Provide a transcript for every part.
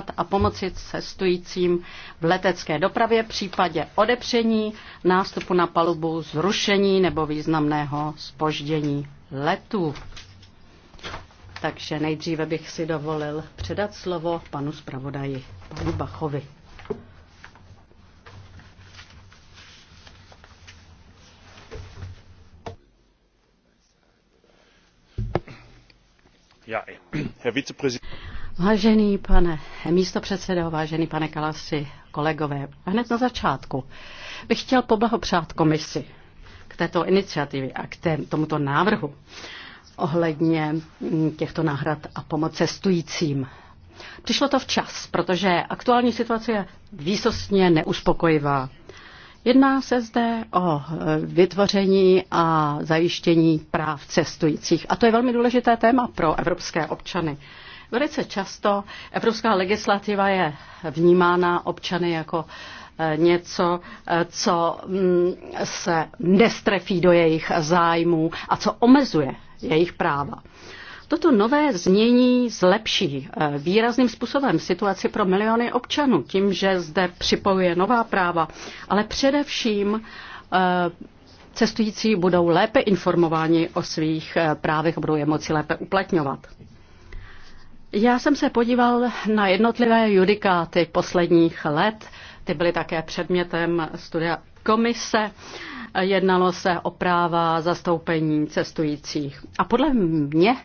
získat a pomoci cestujícím v letecké dopravě v případě odepření, nástupu na palubu, zrušení nebo významného spoždění letu. Takže nejdříve bych si dovolil předat slovo panu zpravodaji, panu Bachovi. herr vizepräsident! Vážený pane místopředsedo, vážený pane Kalasi, kolegové, hned na začátku bych chtěl poblahopřát komisi k této iniciativě a k té, tomuto návrhu ohledně mm, těchto náhrad a pomoc cestujícím. Přišlo to včas, protože aktuální situace je výsostně neuspokojivá. Jedná se zde o e, vytvoření a zajištění práv cestujících. A to je velmi důležité téma pro evropské občany. Velice často evropská legislativa je vnímána občany jako eh, něco, eh, co mm, se nestrefí do jejich zájmů a co omezuje jejich práva. Toto nové změní zlepší eh, výrazným způsobem situaci pro miliony občanů tím, že zde připojuje nová práva, ale především cestující budou lépe informováni o svých právech a budou je moci lépe uplatňovat. Já jsem se podíval na jednotlivé judikáty posledních let. Ty byly také předmětem studia komise. Jednalo se o práva zastoupení cestujících. A podle mě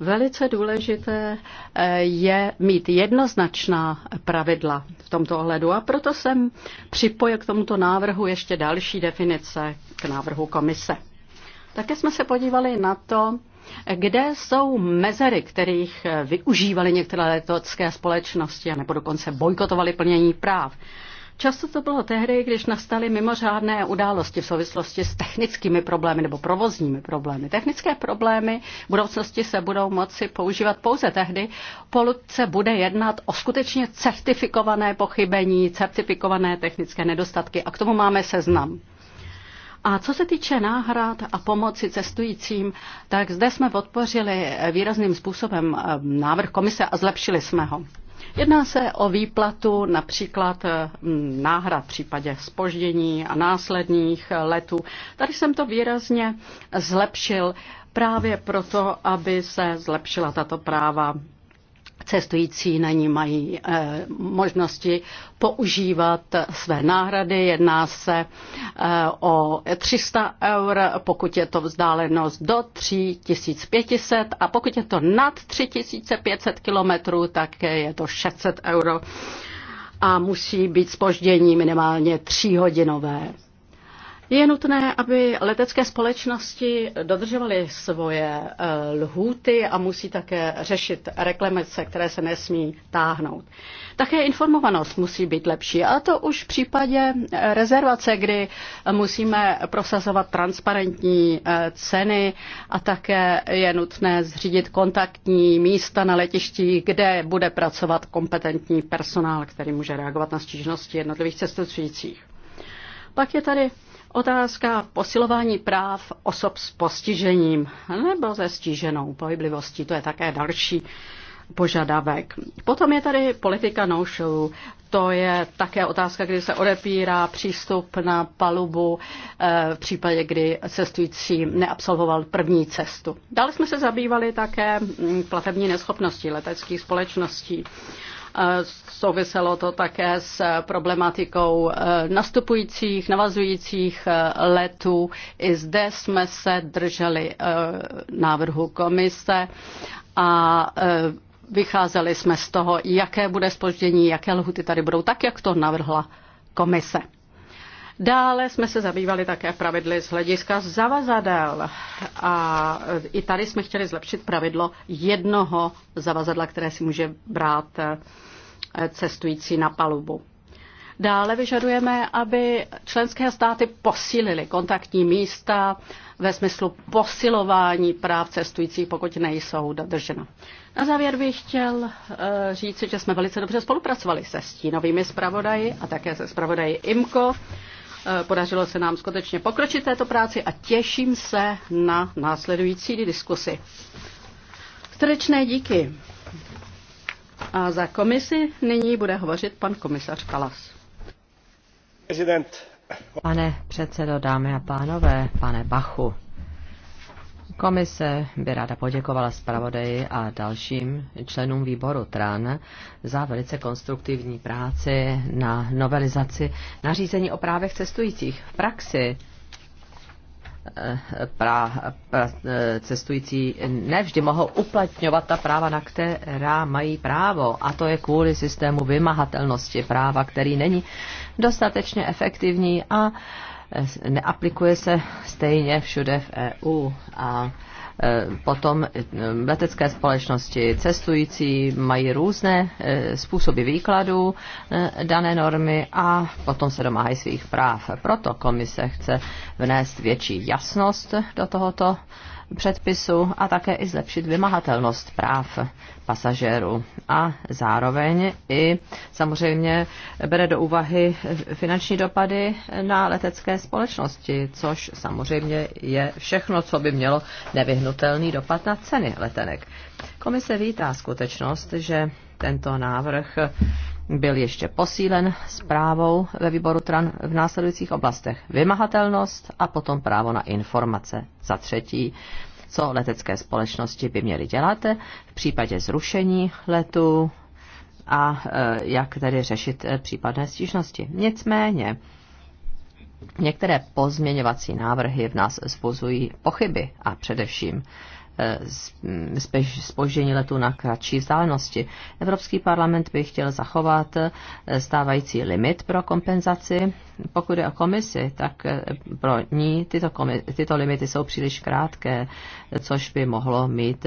velice důležité eh, je mít jednoznačná pravidla v tomto ohledu. A proto jsem připojil k tomuto návrhu ještě další definice k návrhu komise. Také jsme se podívali na to, kde jsou mezery, kterých využívaly některé letecké společnosti, nebo dokonce bojkotovaly plnění práv? Často to bylo tehdy, když nastaly mimořádné události v souvislosti s technickými problémy nebo provozními problémy. Technické problémy v budoucnosti se budou moci používat pouze tehdy, pokud se bude jednat o skutečně certifikované pochybení, certifikované technické nedostatky. A k tomu máme seznam. A co se týče náhrad a pomoci cestujícím, tak zde jsme podpořili výrazným způsobem eh, návrh komise a zlepšili jsme ho. Jedná se o výplatu například eh, náhrad v případě spoždění a následných eh, letů. Tady jsem to výrazně zlepšil právě proto, aby se zlepšila tato práva cestující na ní mají e, možnosti používat své náhrady. Jedná se e, o 300 eur, pokud je to vzdálenost do 3500 a pokud je to nad 3500 kilometrů, tak je to 600 euro a musí být spoždění minimálně 3 hodinové. Je nutné, aby letecké společnosti dodržovaly svoje eh, lhůty a musí také řešit reklamace, které se nesmí táhnout. Také informovanost musí být lepší a to už v případě eh, rezervace, kdy musíme prosazovat transparentní eh, ceny a také je nutné zřídit kontaktní místa na letišti, kde bude pracovat kompetentní personál, který může reagovat na stížnosti jednotlivých cestujících. Pak je tady Otázka posilování práv osob s postižením nebo se stíženou pohyblivostí, to je také další požadavek. Potom je tady politika no show. To je také otázka, kdy se odepírá přístup na palubu eh, v případě, kdy cestující neabsolvoval první cestu. Dále jsme se zabývali také mm, platební neschopností leteckých společností. Souviselo to také s problematikou eh, nastupujících, navazujících eh, letů. I zde jsme se drželi eh, návrhu komise a vycházeli jsme z toho, jaké bude spoždění, jaké lhuty tady budou, tak jak to navrhla komise. Dále jsme se zabývali také pravidly z hlediska zavazadel a i tady jsme chtěli zlepšit pravidlo jednoho zavazadla, které si může brát eh, cestující na palubu. Dále vyžadujeme, aby členské státy posílily kontaktní místa ve smyslu posilování práv cestujících, pokud nejsou dodržena. Na závěr bych chtěl eh, říci, že jsme velice dobře spolupracovali se stínovými zpravodaji a také se zpravodaji IMCO Eh, podařilo se nám skutečně pokročit této práci a těším se na následující diskusy. Srdečné díky. A za komisi nyní bude hovořit pan komisař Kalas. Pane předsedo, dámy a pánové, pane Bachu, Komise by ráda poděkovala zpravodaji a dalším členům výboru TRAN za velice konstruktivní práci na novelizaci nařízení o právech cestujících v praxi. Eh, pra, pra, eh, cestující nevždy mohou uplatňovat ta práva, na která mají právo. A to je kvůli systému vymahatelnosti práva, který není dostatečně efektivní a uh, neaplikuje se stejně všude v EU a e, potom e, letecké společnosti cestující mají různé e, způsoby výkladu dané normy a potom se domáhají svých práv. Proto komise chce vnést větší jasnost do tohoto předpisu a také i zlepšit vymahatelnost práv pasažérů. A zároveň i samozřejmě bere do úvahy finanční dopady na letecké společnosti, což samozřejmě je všechno, co by mělo nevyhnutelný dopad na ceny letenek. Komise vítá skutečnost, že tento návrh byl ještě posílen zprávou ve výboru TRAN v následujících oblastech. Vymahatelnost a potom právo na informace. Za třetí, co letecké společnosti by měly dělat v případě zrušení letu a e, jak tedy řešit e, případné stížnosti. Nicméně, některé pozměňovací návrhy v nás zvozují pochyby a především Eh, spoždění letu na kratší vzdálenosti. Evropský parlament by chtěl zachovat eh, stávající limit pro kompenzaci. Pokud je o komisi, tak eh, pro ní tyto, komisi, tyto limity jsou příliš krátké, což by mohlo mít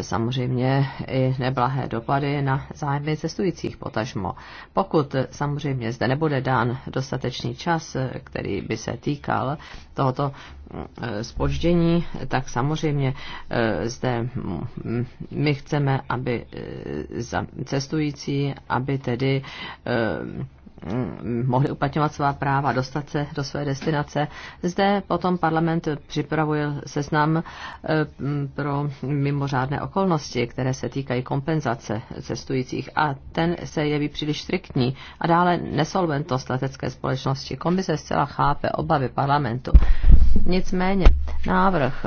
samozřejmě i neblahé dopady na zájmy cestujících potažmo. Pokud samozřejmě zde nebude dán dostatečný čas, který by se týkal tohoto mm, spoždění, tak samozřejmě Eh, zde hm, my chceme, aby eh, cestující, aby tedy eh, hm, mohli uplatňovat svá práva, dostat se do své destinace. Zde potom parlament připravuje seznam hm, pro mimořádné okolnosti, které se týkají kompenzace cestujících a ten se jeví příliš striktní. A dále nesolventnost letecké společnosti. Komise zcela chápe obavy parlamentu. Nicméně návrh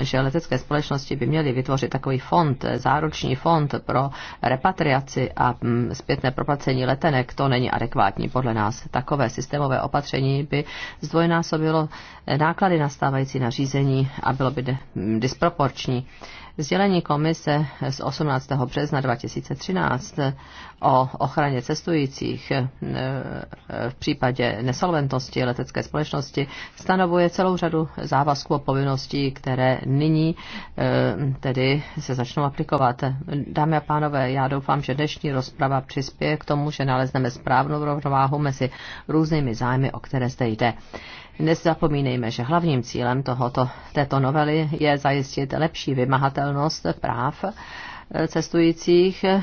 že letecké společnosti by měly vytvořit takový fond, záruční fond pro repatriaci a mm, zpětné proplacení letenek, to není adekvátní podle nás. Takové systémové opatření by zdvojnásobilo náklady nastávající na řízení a bylo by disproporční. Sdělení komise z 18. března 2013 o ochraně cestujících e, e, v případě nesolventnosti letecké společnosti stanovuje celou řadu závazků a povinností, které nyní e, tedy se začnou aplikovat. Dámy a pánové, já doufám, že dnešní rozprava přispěje k tomu, že nalezneme správnou rovnováhu mezi různými zájmy, o které zde jde. Nezapomínejme, že hlavním cílem tohoto, této novely je zajistit lepší vymahatelnost práv eh, cestujících, eh,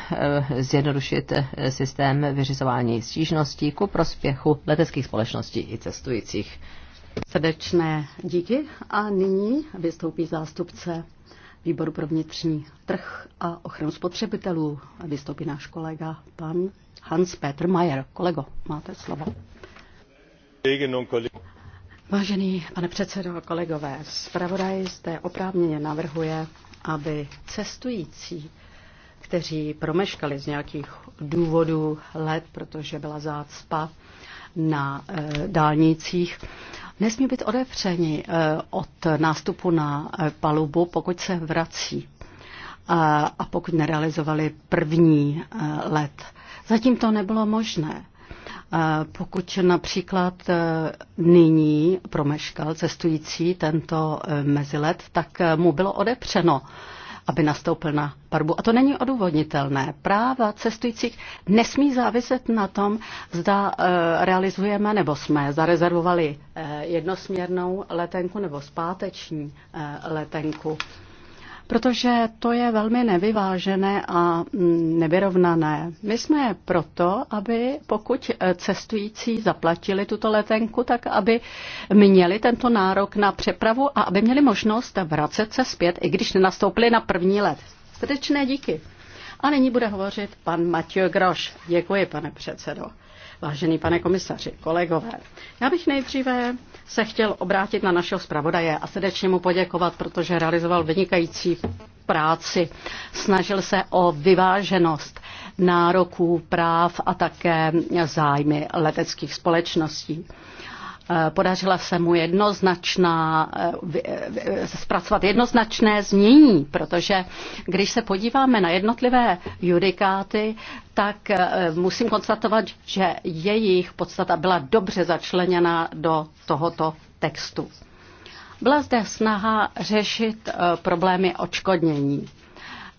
zjednodušit eh, systém vyřizování stížností ku prospěchu leteckých společností i cestujících. Srdečné díky a nyní vystoupí zástupce výboru pro vnitřní trh a ochranu spotřebitelů. Vystoupí náš kolega pan Hans-Peter Mayer. Kolego, máte slovo. Vážený pane předsedo, kolegové, zpravodaj zde oprávněně navrhuje, aby cestující, kteří promeškali z nějakých důvodů let, protože byla zácpa na e, dálnicích, nesmí být odevřeni e, eh, od nástupu na e, palubu, pokud se vrací a, a pokud nerealizovali první e, let. Zatím to nebylo možné. Pokud například e, nyní promeškal cestující tento e, mezilet, tak e, mu bylo odepřeno aby nastoupil na parbu. A to není odůvodnitelné. Práva cestujících nesmí záviset na tom, zda realizujeme nebo jsme zarezervovali jednosměrnou letenku nebo zpáteční letenku protože to je velmi nevyvážené a mm, nevyrovnané. My jsme proto, aby pokud eh, cestující zaplatili tuto letenku, tak aby měli tento nárok na přepravu a aby měli možnost vracet se zpět, i když nenastoupili na první let. Srdečné díky. A nyní bude hovořit pan Matěj Groš. Děkuji, pane předsedo. Vážený pane komisaři, kolegové, já bych nejdříve se chtěl obrátit na našeho zpravodaje a srdečně mu poděkovat, protože realizoval vynikající práci. Snažil se o vyváženost nároků, práv a také zájmy leteckých společností. Eh, podařila se mu jednoznačná, eh, eh, zpracovat jednoznačné znění, protože když se podíváme na jednotlivé judikáty, tak musím konstatovat, že jejich podstata byla dobře začleněna do tohoto textu. Byla zde snaha řešit problémy očkodnění.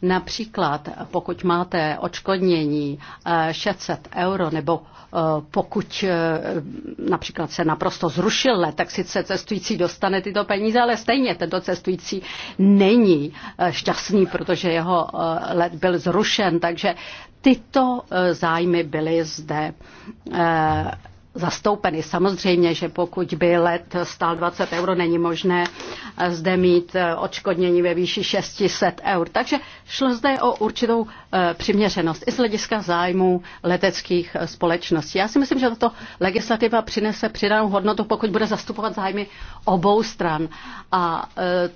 Například pokud máte očkodnění 600 eh, euro nebo eh, pokud eh, například se naprosto zrušil let, tak sice cestující dostane tyto peníze, ale stejně tento cestující není šťastný, protože jeho let byl zrušen, takže tyto zájmy byly zde zastoupeny. Samozřejmě, že pokud by let stál 20 euro, není možné zde mít eh, odškodnění ve výši 600 eur. Takže šlo zde o určitou eh, přiměřenost i z hlediska zájmu leteckých eh, společností. Já si myslím, že tato legislativa přinese přidanou hodnotu, pokud bude zastupovat zájmy obou stran. A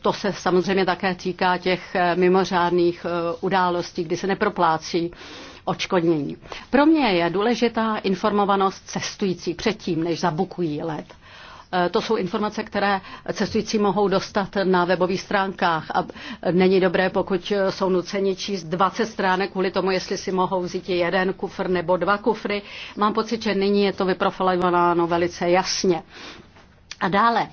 to se samozřejmě také týká těch mimořádných událostí, kdy se neproplácí očkodnění. Pro mě je důležitá informovanost cestující předtím, než zabukují let. E, to jsou informace, které cestující mohou dostat na webových stránkách a není dobré, pokud jsou nuceni číst 20 stránek kvůli tomu, jestli si mohou vzít jeden kufr nebo dva kufry. Mám pocit, že nyní je to vyprofilováno velice jasně. A dále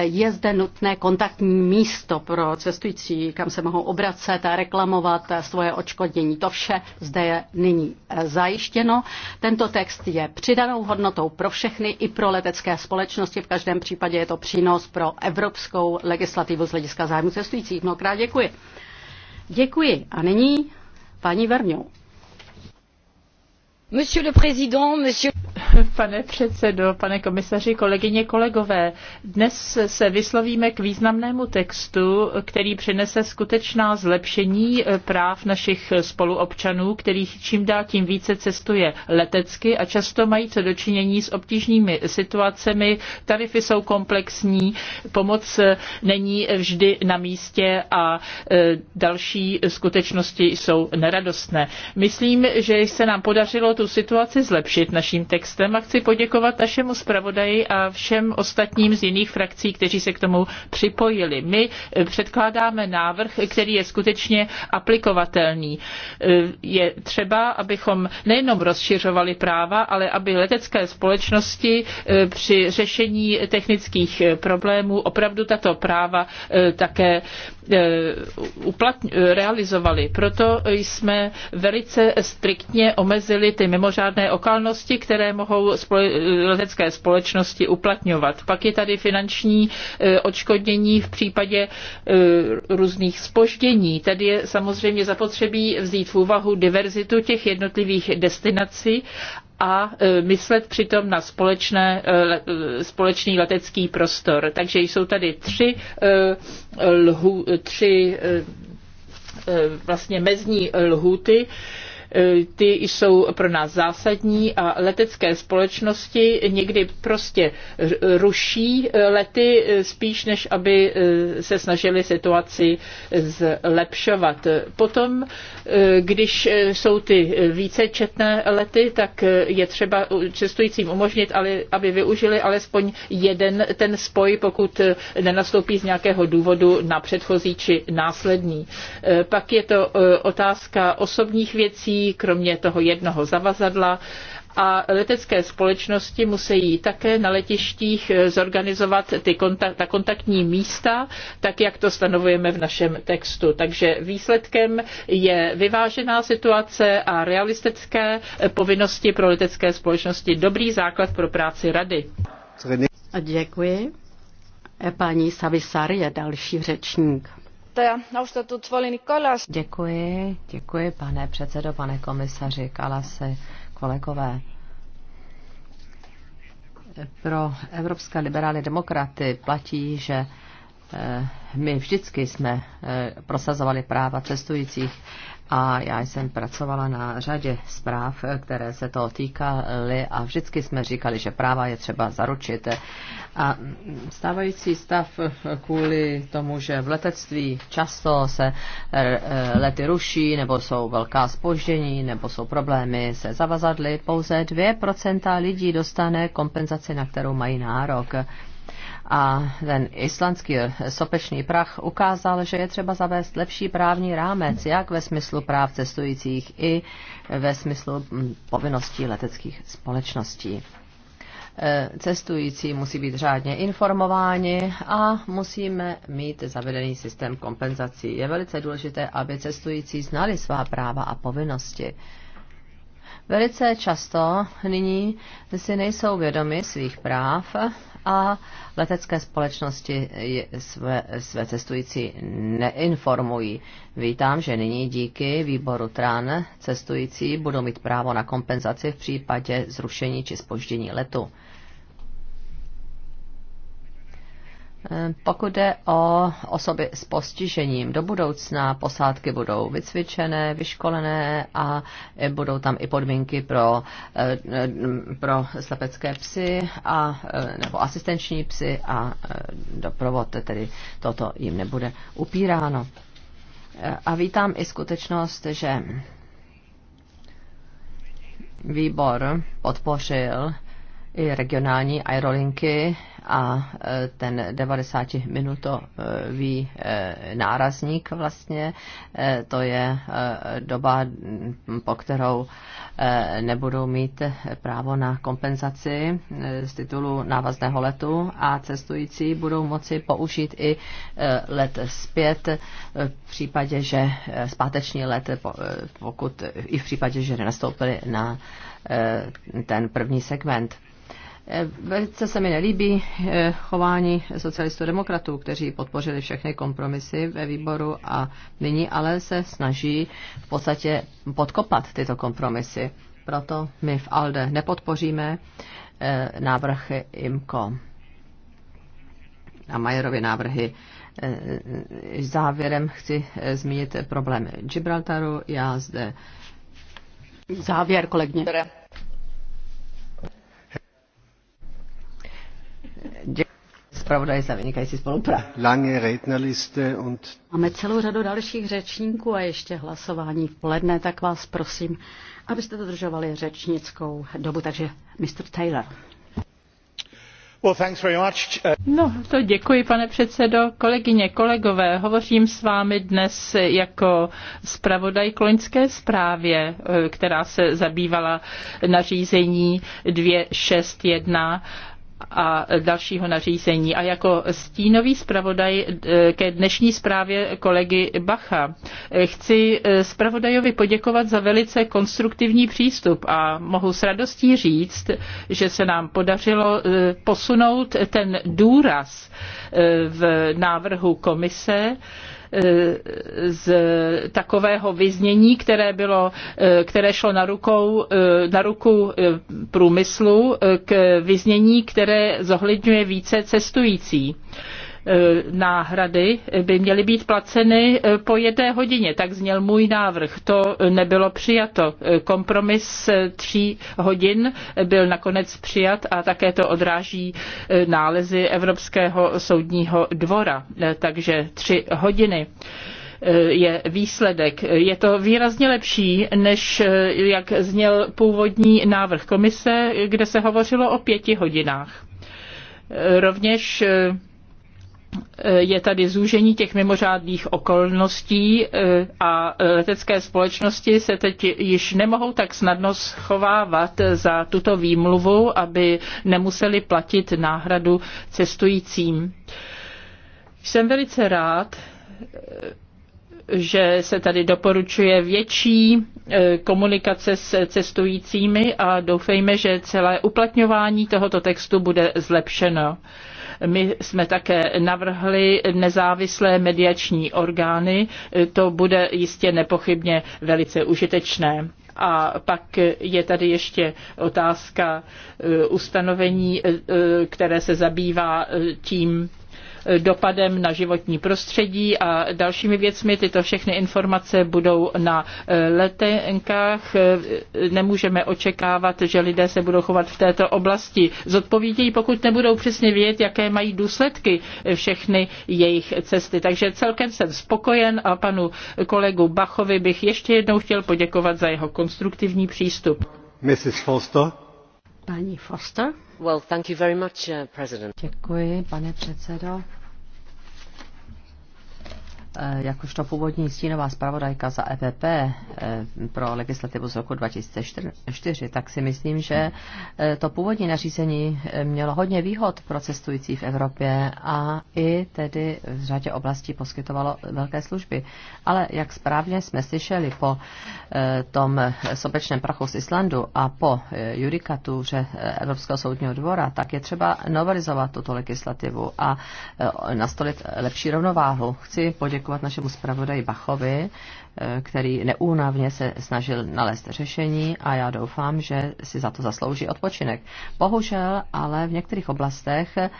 je zde nutné kontaktní místo pro cestující, kam se mohou obracet a reklamovat svoje očkodnění. To vše zde je nyní eh, zajištěno. Tento text je přidanou hodnotou pro všechny i pro letecké společnosti. V každém případě je to přínos pro evropskou legislativu z hlediska zájmu cestujících. Mnohokrát děkuji. Děkuji. A nyní paní Verňou. Pane předsedo, pane komisaři, kolegyně, kolegové, dnes se vyslovíme k významnému textu, který přinese skutečná zlepšení eh, práv našich spoluobčanů, kterých čím dál tím více cestuje letecky a často mají co činění s obtížnými situacemi. Tarify jsou komplexní, pomoc eh, není vždy na místě a eh, další skutečnosti jsou neradostné. Myslím, že se nám podařilo tu situaci zlepšit naším textem a chci poděkovat našemu zpravodaji a všem ostatním z jiných frakcí, kteří se k tomu připojili. My eh, předkládáme návrh, který je skutečně aplikovatelný. Eh, je třeba, abychom nejenom rozšiřovali práva, ale aby letecké společnosti eh, při řešení technických problémů opravdu tato práva také Eh, uplatň, eh, realizovali. Proto jsme velice striktně omezili ty mimořádné okolnosti, které mohou spole, letecké společnosti uplatňovat. Pak je tady finanční eh, odškodnění v případě různých spoždění. Tady je samozřejmě zapotřebí vzít v úvahu diverzitu těch jednotlivých destinací a e, myslet přitom na společné, e, e, společný letecký prostor. Takže jsou tady tři, lhu, tři vlastně mezní lhuty, ty jsou pro nás zásadní a letecké společnosti někdy prostě ruší lety spíš, než aby eh, se snažili situaci zlepšovat. Potom, eh, když eh, jsou ty více četné lety, tak je třeba cestujícím umožnit, aby využili alespoň jeden ten spoj, pokud nenastoupí z nějakého důvodu na předchozí či následní. Pak je to otázka osobních věcí, kromě toho jednoho zavazadla a letecké společnosti musí také na letištích eh, zorganizovat ty kontakt, ta kontaktní místa, tak jak to stanovujeme v našem textu. Takže výsledkem je vyvážená situace a realistické eh, povinnosti pro letecké společnosti. Dobrý základ pro práci rady. Děkuji. E, paní Savisar je další řečník. Děkuji, děkuji, pane předsedo, pane komisaři Kalase, kolegové. Pro evropské liberální demokraty platí, že eh, my vždycky jsme eh, prosazovali práva cestujících a já jsem pracovala na řadě zpráv, které se toho týkaly a vždycky jsme říkali, že práva je třeba zaručit. A stávající stav kvůli tomu, že v letectví často se e, lety ruší, nebo jsou velká spoždění, nebo jsou problémy se zavazadly, pouze 2% lidí dostane kompenzaci, na kterou mají nárok. A ten islandský sopečný prach ukázal, že je třeba zavést lepší právní rámec, jak ve smyslu práv cestujících i ve smyslu hm, povinností leteckých společností e, cestující musí být řádně informováni a musíme mít zavedený systém kompenzací. Je velice důležité, aby cestující znali svá práva a povinnosti. Velice často nyní si nejsou vědomi svých práv a letecké společnosti své, své cestující neinformují. Vítám, že nyní díky výboru TRAN cestující budou mít právo na kompenzaci v případě zrušení či spoždění letu. Eh, pokud jde o osoby s postižením, do budoucna posádky budou vycvičené, vyškolené a eh, budou tam i podmínky pro, eh, pro slepecké psy a, nebo asistenční psy a doprovod, tedy toto jim nebude upíráno. A vítám i skutečnost, že výbor podpořil i regionální aerolinky a e, ten 90-minutový e, nárazník vlastně, e, to je doba, po kterou nebudou mít právo na kompenzaci z titulu návazného letu a cestující budou moci použít i let zpět v případě, že zpáteční let, pokud i v případě, že nenastoupili na ten první segment. Eh, velice se mi nelíbí eh, chování socialistů demokratů, kteří podpořili všechny kompromisy ve výboru a nyní ale se snaží v podstatě podkopat tyto kompromisy. Proto my v ALDE nepodpoříme eh, návrhy IMCO a Majerovi návrhy. Závěrem chci zmínit problém Gibraltaru. Já zde závěr, kolegyně. zpravodaj za vynikající spolupráci. Lange Máme celou řadu dalších řečníků a ještě hlasování v poledne, tak vás prosím, abyste dodržovali řečnickou dobu. Takže Mr. Taylor. Well, thanks very much. No, to děkuji, pane předsedo. Kolegyně, kolegové, hovořím s vámi dnes jako zpravodaj k loňské zprávě, eh, která se zabývala nařízení 261 a dalšího nařízení. A jako stínový zpravodaj eh, ke dnešní zprávě kolegy Bacha eh, chci eh, zpravodajovi poděkovat za velice konstruktivní přístup a mohu s radostí říct, že se nám podařilo posunout ten důraz v návrhu komise, z takového vyznění, které, bylo, které šlo na, rukou, na ruku průmyslu k vyznění, které zohledňuje více cestující. E, náhrady by měly být placeny e, po jedné hodině. Tak zněl můj návrh. To nebylo přijato. E, kompromis tří hodin byl nakonec přijat a také to odráží nálezy Evropského soudního dvora. Takže tři hodiny je výsledek. Je to výrazně lepší, než jak zněl původní návrh komise, kde se hovořilo o pěti hodinách. Rovněž je tady zúžení těch mimořádných okolností eh, a eh, letecké společnosti se teď již nemohou tak snadno schovávat za tuto výmluvu, aby nemuseli platit náhradu cestujícím. Jsem velice rád, že se tady doporučuje větší e, komunikace s cestujícími a doufejme, že celé uplatňování tohoto textu bude zlepšeno. My jsme také navrhli nezávislé mediační orgány, e, to bude jistě nepochybně velice užitečné. A pak je tady ještě otázka e, ustanovení, které se zabývá tím, dopadem na životní prostředí a dalšími věcmi. Tyto všechny informace budou na eh, letenkách. Eh, nemůžeme očekávat, že lidé se budou chovat v této oblasti zodpovědějí, pokud nebudou přesně vědět, jaké mají důsledky eh, všechny jejich cesty. Takže celkem jsem spokojen a panu kolegu Bachovi bych ještě jednou chtěl poděkovat za jeho konstruktivní přístup. Mrs. Foster. Paní Foster předsedající já bych chtěla poděkovat uh, President. Děkuji, pane zprávu. Eh, jakožto původní stínová zpravodajka za EPP eh, pro legislativu z roku 2004, tak si myslím, že eh, to původní nařízení mělo hodně výhod pro cestující v Evropě a i tedy v řadě oblastí poskytovalo velké služby. Ale jak správně jsme slyšeli po tom sobečném prachu z Islandu a po judikatuře Evropského soudního dvora, tak je třeba novelizovat tuto legislativu a nastolit lepší rovnováhu. Chci poděkovat poděkovat našemu zpravodaji Bachovi Eh, který neúnavně se snažil nalézt řešení a já doufám, že si za to zaslouží odpočinek. Bohužel, ale v některých oblastech eh,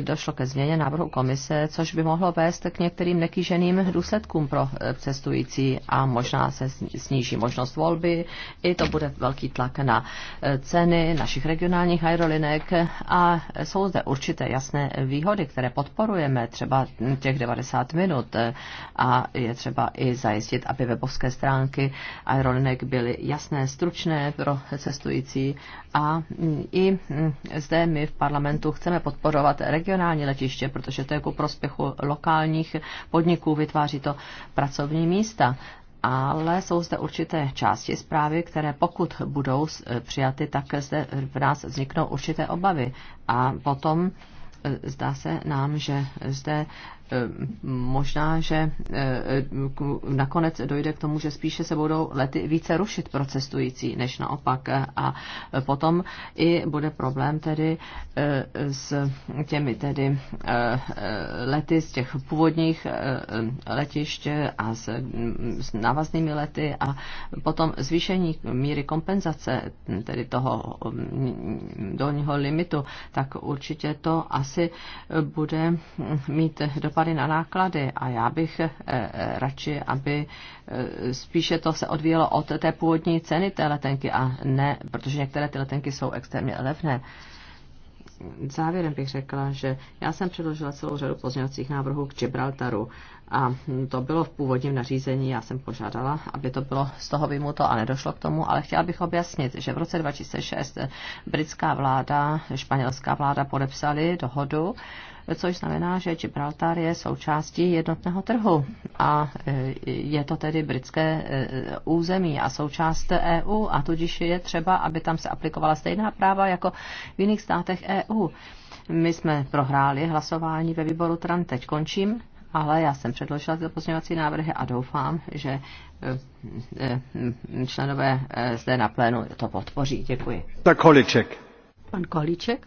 došlo ke změně návrhu komise, což by mohlo vést k některým nekýženým důsledkům pro eh, cestující a možná se sníží možnost volby. I to bude velký tlak na ceny našich regionálních aerolinek a jsou zde určité jasné výhody, které podporujeme, třeba těch 90 minut a je třeba i zajistit zajistit, aby webovské stránky aeronek byly jasné, stručné pro cestující a i mm, zde my v parlamentu chceme podporovat regionální letiště, protože to je ku prospěchu lokálních podniků, vytváří to pracovní místa ale jsou zde určité části zprávy, které pokud budou e, přijaty, tak zde v nás vzniknou určité obavy. A potom e, zdá se nám, že zde Eh, možná, že eh, nakonec dojde k tomu, že spíše se budou lety více rušit pro cestující, než naopak. Eh, a potom i bude problém tedy s těmi tedy lety z těch původních letišť a mm, s, návaznými lety a potom zvýšení míry kompenzace mm, tedy toho mm, dolního limitu, tak určitě to asi bude mít do dopady na náklady a já bych eh, eh, radši, aby eh, spíše to se odvíjelo od té původní ceny té letenky a ne, protože některé ty letenky jsou extrémně levné. Závěrem bych řekla, že já jsem předložila celou řadu pozměňovacích návrhů k Gibraltaru a to bylo v původním nařízení, já jsem požádala, aby to bylo z toho vymuto a nedošlo k tomu, ale chtěla bych objasnit, že v roce 2006 britská vláda, španělská vláda podepsali dohodu, což znamená, že Gibraltar je součástí jednotného trhu a e, je to tedy britské e, území a součást EU a tudíž je třeba, aby tam se aplikovala stejná práva jako v jiných státech EU. My jsme prohráli hlasování ve výboru TRAN, teď končím, ale já jsem předložila tyto pozměňovací návrhy a doufám, že e, členové zde na plénu to podpoří. Děkuji. Tak Kolíček. Pan Kolíček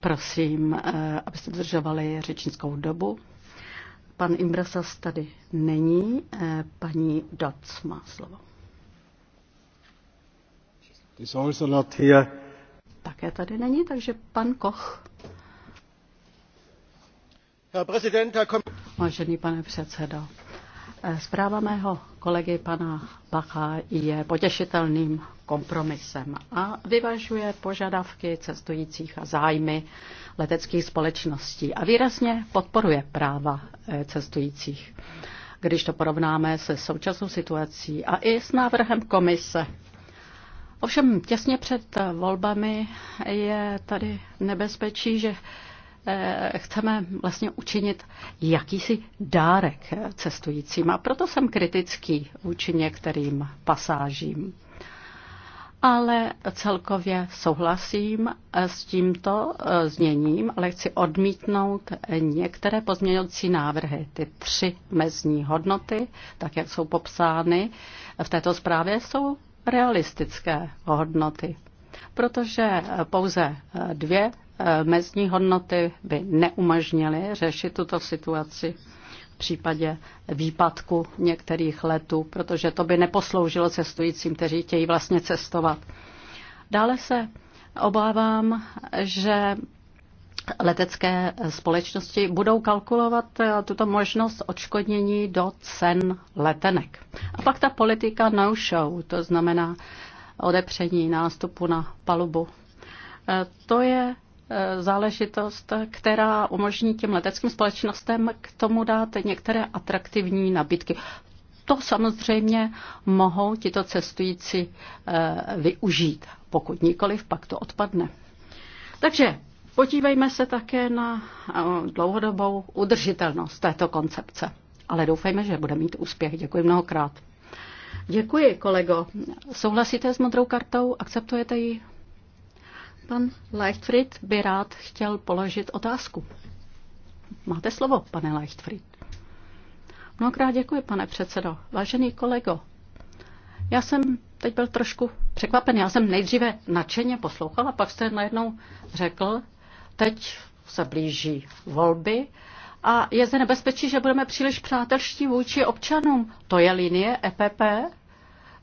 Prosím, eh, abyste dodržovali řečnickou dobu. Pan Imbrasas tady není, eh, paní Doc má slovo. Také tady není, takže pan Koch. Vážený pane předsedo, eh, zpráva mého kolegy pana Bacha je potěšitelným kompromisem a vyvažuje požadavky cestujících a zájmy leteckých společností a výrazně podporuje práva eh, cestujících. Když to porovnáme se současnou situací a i s návrhem komise, Ovšem těsně před volbami je tady nebezpečí, že eh, chceme vlastně učinit jakýsi dárek eh, cestujícím a proto jsem kritický vůči některým pasážím ale celkově souhlasím eh, s tímto eh, zněním, ale chci odmítnout eh, některé pozměňovací návrhy. Ty tři mezní hodnoty, tak jak jsou popsány v této zprávě, jsou realistické hodnoty, protože pouze dvě mezní hodnoty by neumožnily řešit tuto situaci v případě výpadku některých letů, protože to by neposloužilo cestujícím, kteří chtějí vlastně cestovat. Dále se obávám, že letecké společnosti budou kalkulovat eh, tuto možnost odškodnění do cen letenek. A pak ta politika no-show, to znamená odepření nástupu na palubu. Eh, to je Eh, záležitost, která umožní těm leteckým společnostem k tomu dát některé atraktivní nabídky. To samozřejmě mohou tito cestující eh, využít. Pokud nikoliv, pak to odpadne. Takže podívejme se také na eh, dlouhodobou udržitelnost této koncepce. Ale doufejme, že bude mít úspěch. Děkuji mnohokrát. Děkuji, kolego. Souhlasíte s modrou kartou? Akceptujete ji? Pan Leichtfried by rád chtěl položit otázku. Máte slovo, pane Leichtfried. Mnohokrát děkuji, pane předsedo. Vážený kolego, já jsem teď byl trošku překvapen. Já jsem nejdříve nadšeně poslouchala, pak jste najednou řekl, teď se blíží volby a je zde nebezpečí, že budeme příliš přátelští vůči občanům. To je linie EPP?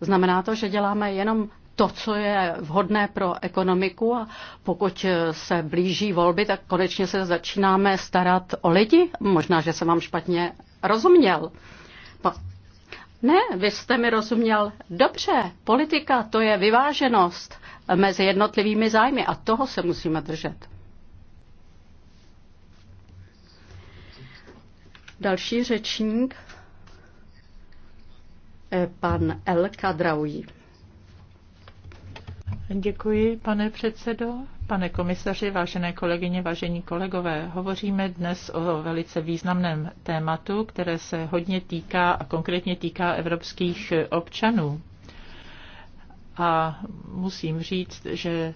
Znamená to, že děláme jenom to, co je vhodné pro ekonomiku a pokud se blíží volby, tak konečně se začínáme starat o lidi. Možná, že jsem vám špatně rozuměl. Pa... Ne, vy jste mi rozuměl dobře. Politika to je vyváženost mezi jednotlivými zájmy a toho se musíme držet. Další řečník, pan El Kadraují. Děkuji, pane předsedo, pane komisaři, vážené kolegyně, vážení kolegové. Hovoříme dnes o velice významném tématu, které se hodně týká a konkrétně týká evropských občanů. A musím říct, že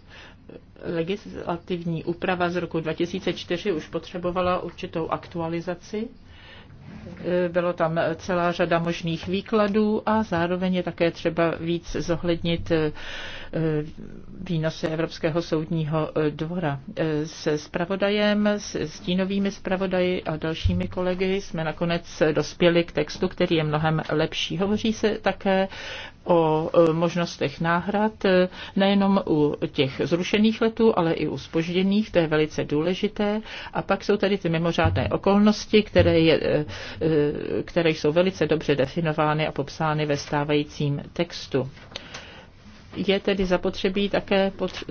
legislativní úprava z roku 2004 už potřebovala určitou aktualizaci E, bylo tam celá řada možných výkladů a zároveň je také třeba víc zohlednit e, e, výnosy Evropského soudního dvora. Se spravodajem, s stínovými spravodaji a dalšími kolegy jsme nakonec dospěli k textu, který je mnohem lepší. Hovoří se také o možnostech náhrad e, nejenom u těch zrušených letů, ale i u spožděných, to je velice důležité. A pak jsou tady ty mimořádné okolnosti, které, je, e, e, které jsou velice dobře definovány a popsány ve stávajícím textu je tedy zapotřebí také potř-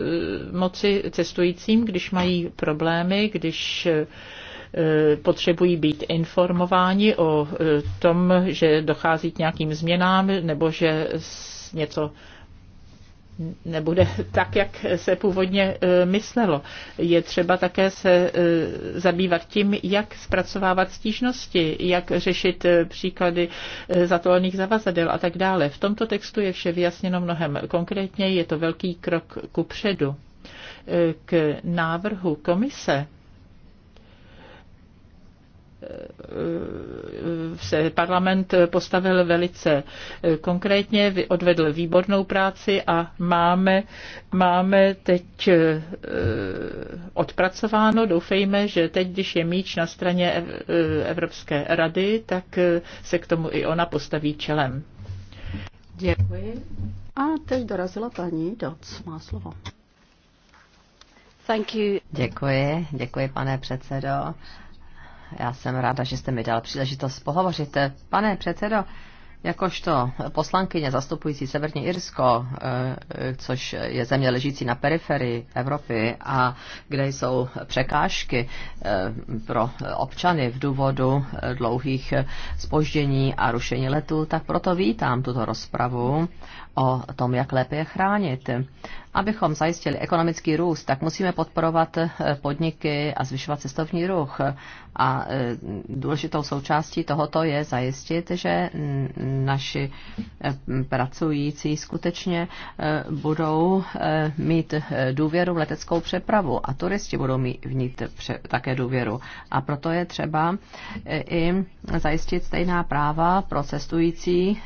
moci cestujícím, když mají problémy, když Eh, potřebují být informováni o eh, tom, že dochází k nějakým změnám nebo že něco nebude tak, jak se původně eh, myslelo. Je třeba také se zabývat tím, jak zpracovávat stížnosti, jak řešit příklady zatolených zavazadel a tak dále. V tomto textu je vše vyjasněno mnohem konkrétně, je to velký krok ku předu. K návrhu komise se parlament postavil velice konkrétně, odvedl výbornou práci a máme, máme teď eh, odpracováno. Doufejme, že teď, když je míč na straně eh, Evropské rady, tak eh, se k tomu i ona postaví čelem. Děkuji. A teď dorazila paní Doc, má slovo. Thank you. Děkuji, děkuji pane předsedo. Já jsem ráda, že jste mi dal příležitost pohovořit. Pane předsedo, jakožto poslankyně zastupující Severní Irsko, eh, což je země ležící na periferii Evropy a kde jsou překážky eh, pro občany v důvodu eh, dlouhých spoždění a rušení letů, tak proto vítám tuto rozpravu o tom, jak lépe je chránit. Abychom zajistili ekonomický růst, tak musíme podporovat eh, podniky a zvyšovat cestovní ruch. A eh, důležitou součástí tohoto je zajistit, že naši eh, pracující skutečně budou mít důvěru v leteckou přepravu a turisti budou mít v ní také důvěru. A proto je třeba i zajistit stejná práva pro cestující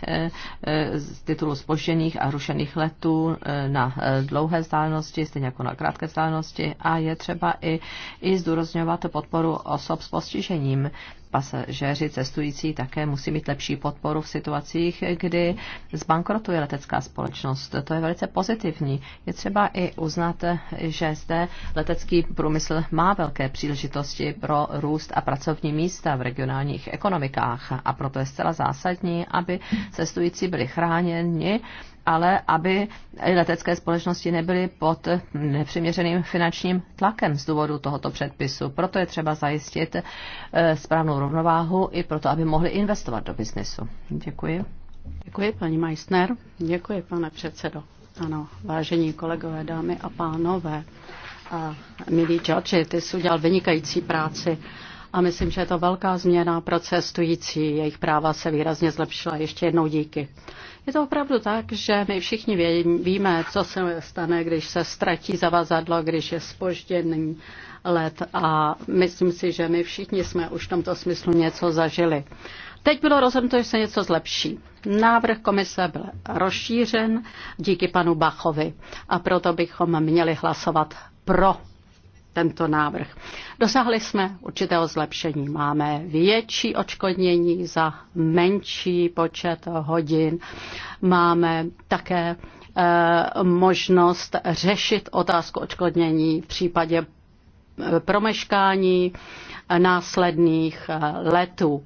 z titulu spožděných a rušených letů na dlouhé dlouhé vzdálenosti, stejně jako na krátké vzdálenosti a je třeba i, i zdůrazňovat podporu osob s postižením pasažéři cestující také musí mít lepší podporu v situacích, kdy zbankrotuje letecká společnost. To je velice pozitivní. Je třeba i uznat, že zde letecký průmysl má velké příležitosti pro růst a pracovní místa v regionálních ekonomikách a proto je zcela zásadní, aby cestující byli chráněni ale aby letecké společnosti nebyly pod nepřiměřeným finančním tlakem z důvodu tohoto předpisu. Proto je třeba zajistit eh, správnou rovnováhu i proto, aby mohly investovat do biznesu. Děkuji. Děkuji, paní Meissner. Děkuji, pane předsedo. Ano, vážení kolegové, dámy a pánové. A milí George, ty jsi udělal vynikající práci a myslím, že je to velká změna pro cestující. Jejich práva se výrazně zlepšila. Ještě jednou díky. Je to opravdu tak, že my všichni víme, co se stane, když se ztratí zavazadlo, když je spožděný let a myslím si, že my všichni jsme už v tomto smyslu něco zažili. Teď bylo rozhodnuto, že se něco zlepší. Návrh komise byl rozšířen díky panu Bachovi a proto bychom měli hlasovat pro tento návrh. Dosáhli jsme určitého zlepšení. Máme větší očkodnění za menší počet hodin. Máme také eh, možnost řešit otázku očkodnění v případě eh, promeškání eh, následných letů.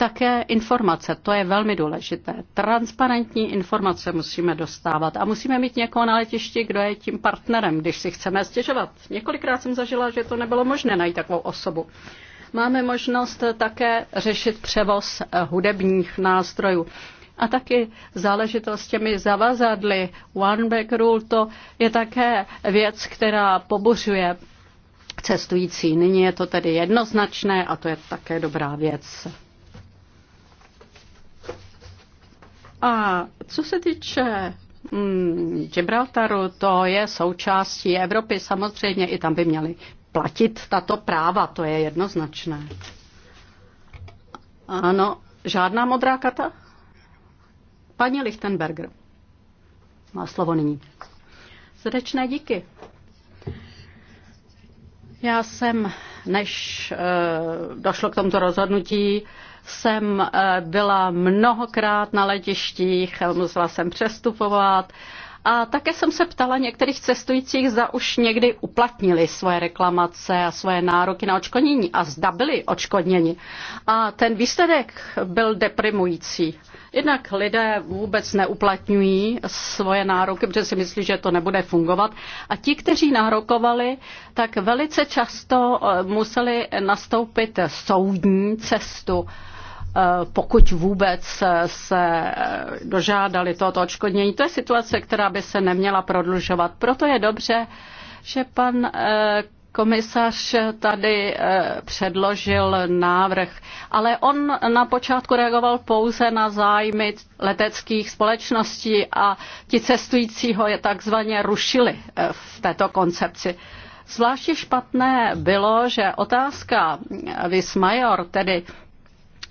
Také informace, to je velmi důležité. Transparentní informace musíme dostávat a musíme mít někoho na letišti, kdo je tím partnerem, když si chceme stěžovat. Několikrát jsem zažila, že to nebylo možné najít takovou osobu. Máme možnost také řešit převoz eh, hudebních nástrojů a taky záležitost s těmi zavazadly. One back rule to je také věc, která pobořuje cestující. Nyní je to tedy jednoznačné a to je také dobrá věc. A co se týče hmm, Gibraltaru, to je součástí Evropy, samozřejmě i tam by měli platit tato práva, to je jednoznačné. Ano, žádná modrá kata? Paní Lichtenberger má slovo nyní. Srdečné díky. Já jsem, než e, došlo k tomuto rozhodnutí, jsem eh, byla mnohokrát na letištích, musela jsem přestupovat a také jsem se ptala některých cestujících, zda už někdy uplatnili svoje reklamace a svoje nároky na očkodnění a zda byli očkodněni. A ten výsledek byl deprimující. Jednak lidé vůbec neuplatňují svoje nároky, protože si myslí, že to nebude fungovat. A ti, kteří nárokovali, tak velice často eh, museli nastoupit soudní cestu Eh, pokud vůbec se eh, dožádali tohoto odškodnění. To je situace, která by se neměla prodlužovat. Proto je dobře, že pan eh, komisař tady předložil návrh, ale on na počátku reagoval pouze na zájmy leteckých společností a ti cestující ho je takzvaně rušili v této koncepci. Zvláště špatné bylo, že otázka Vismajor, tedy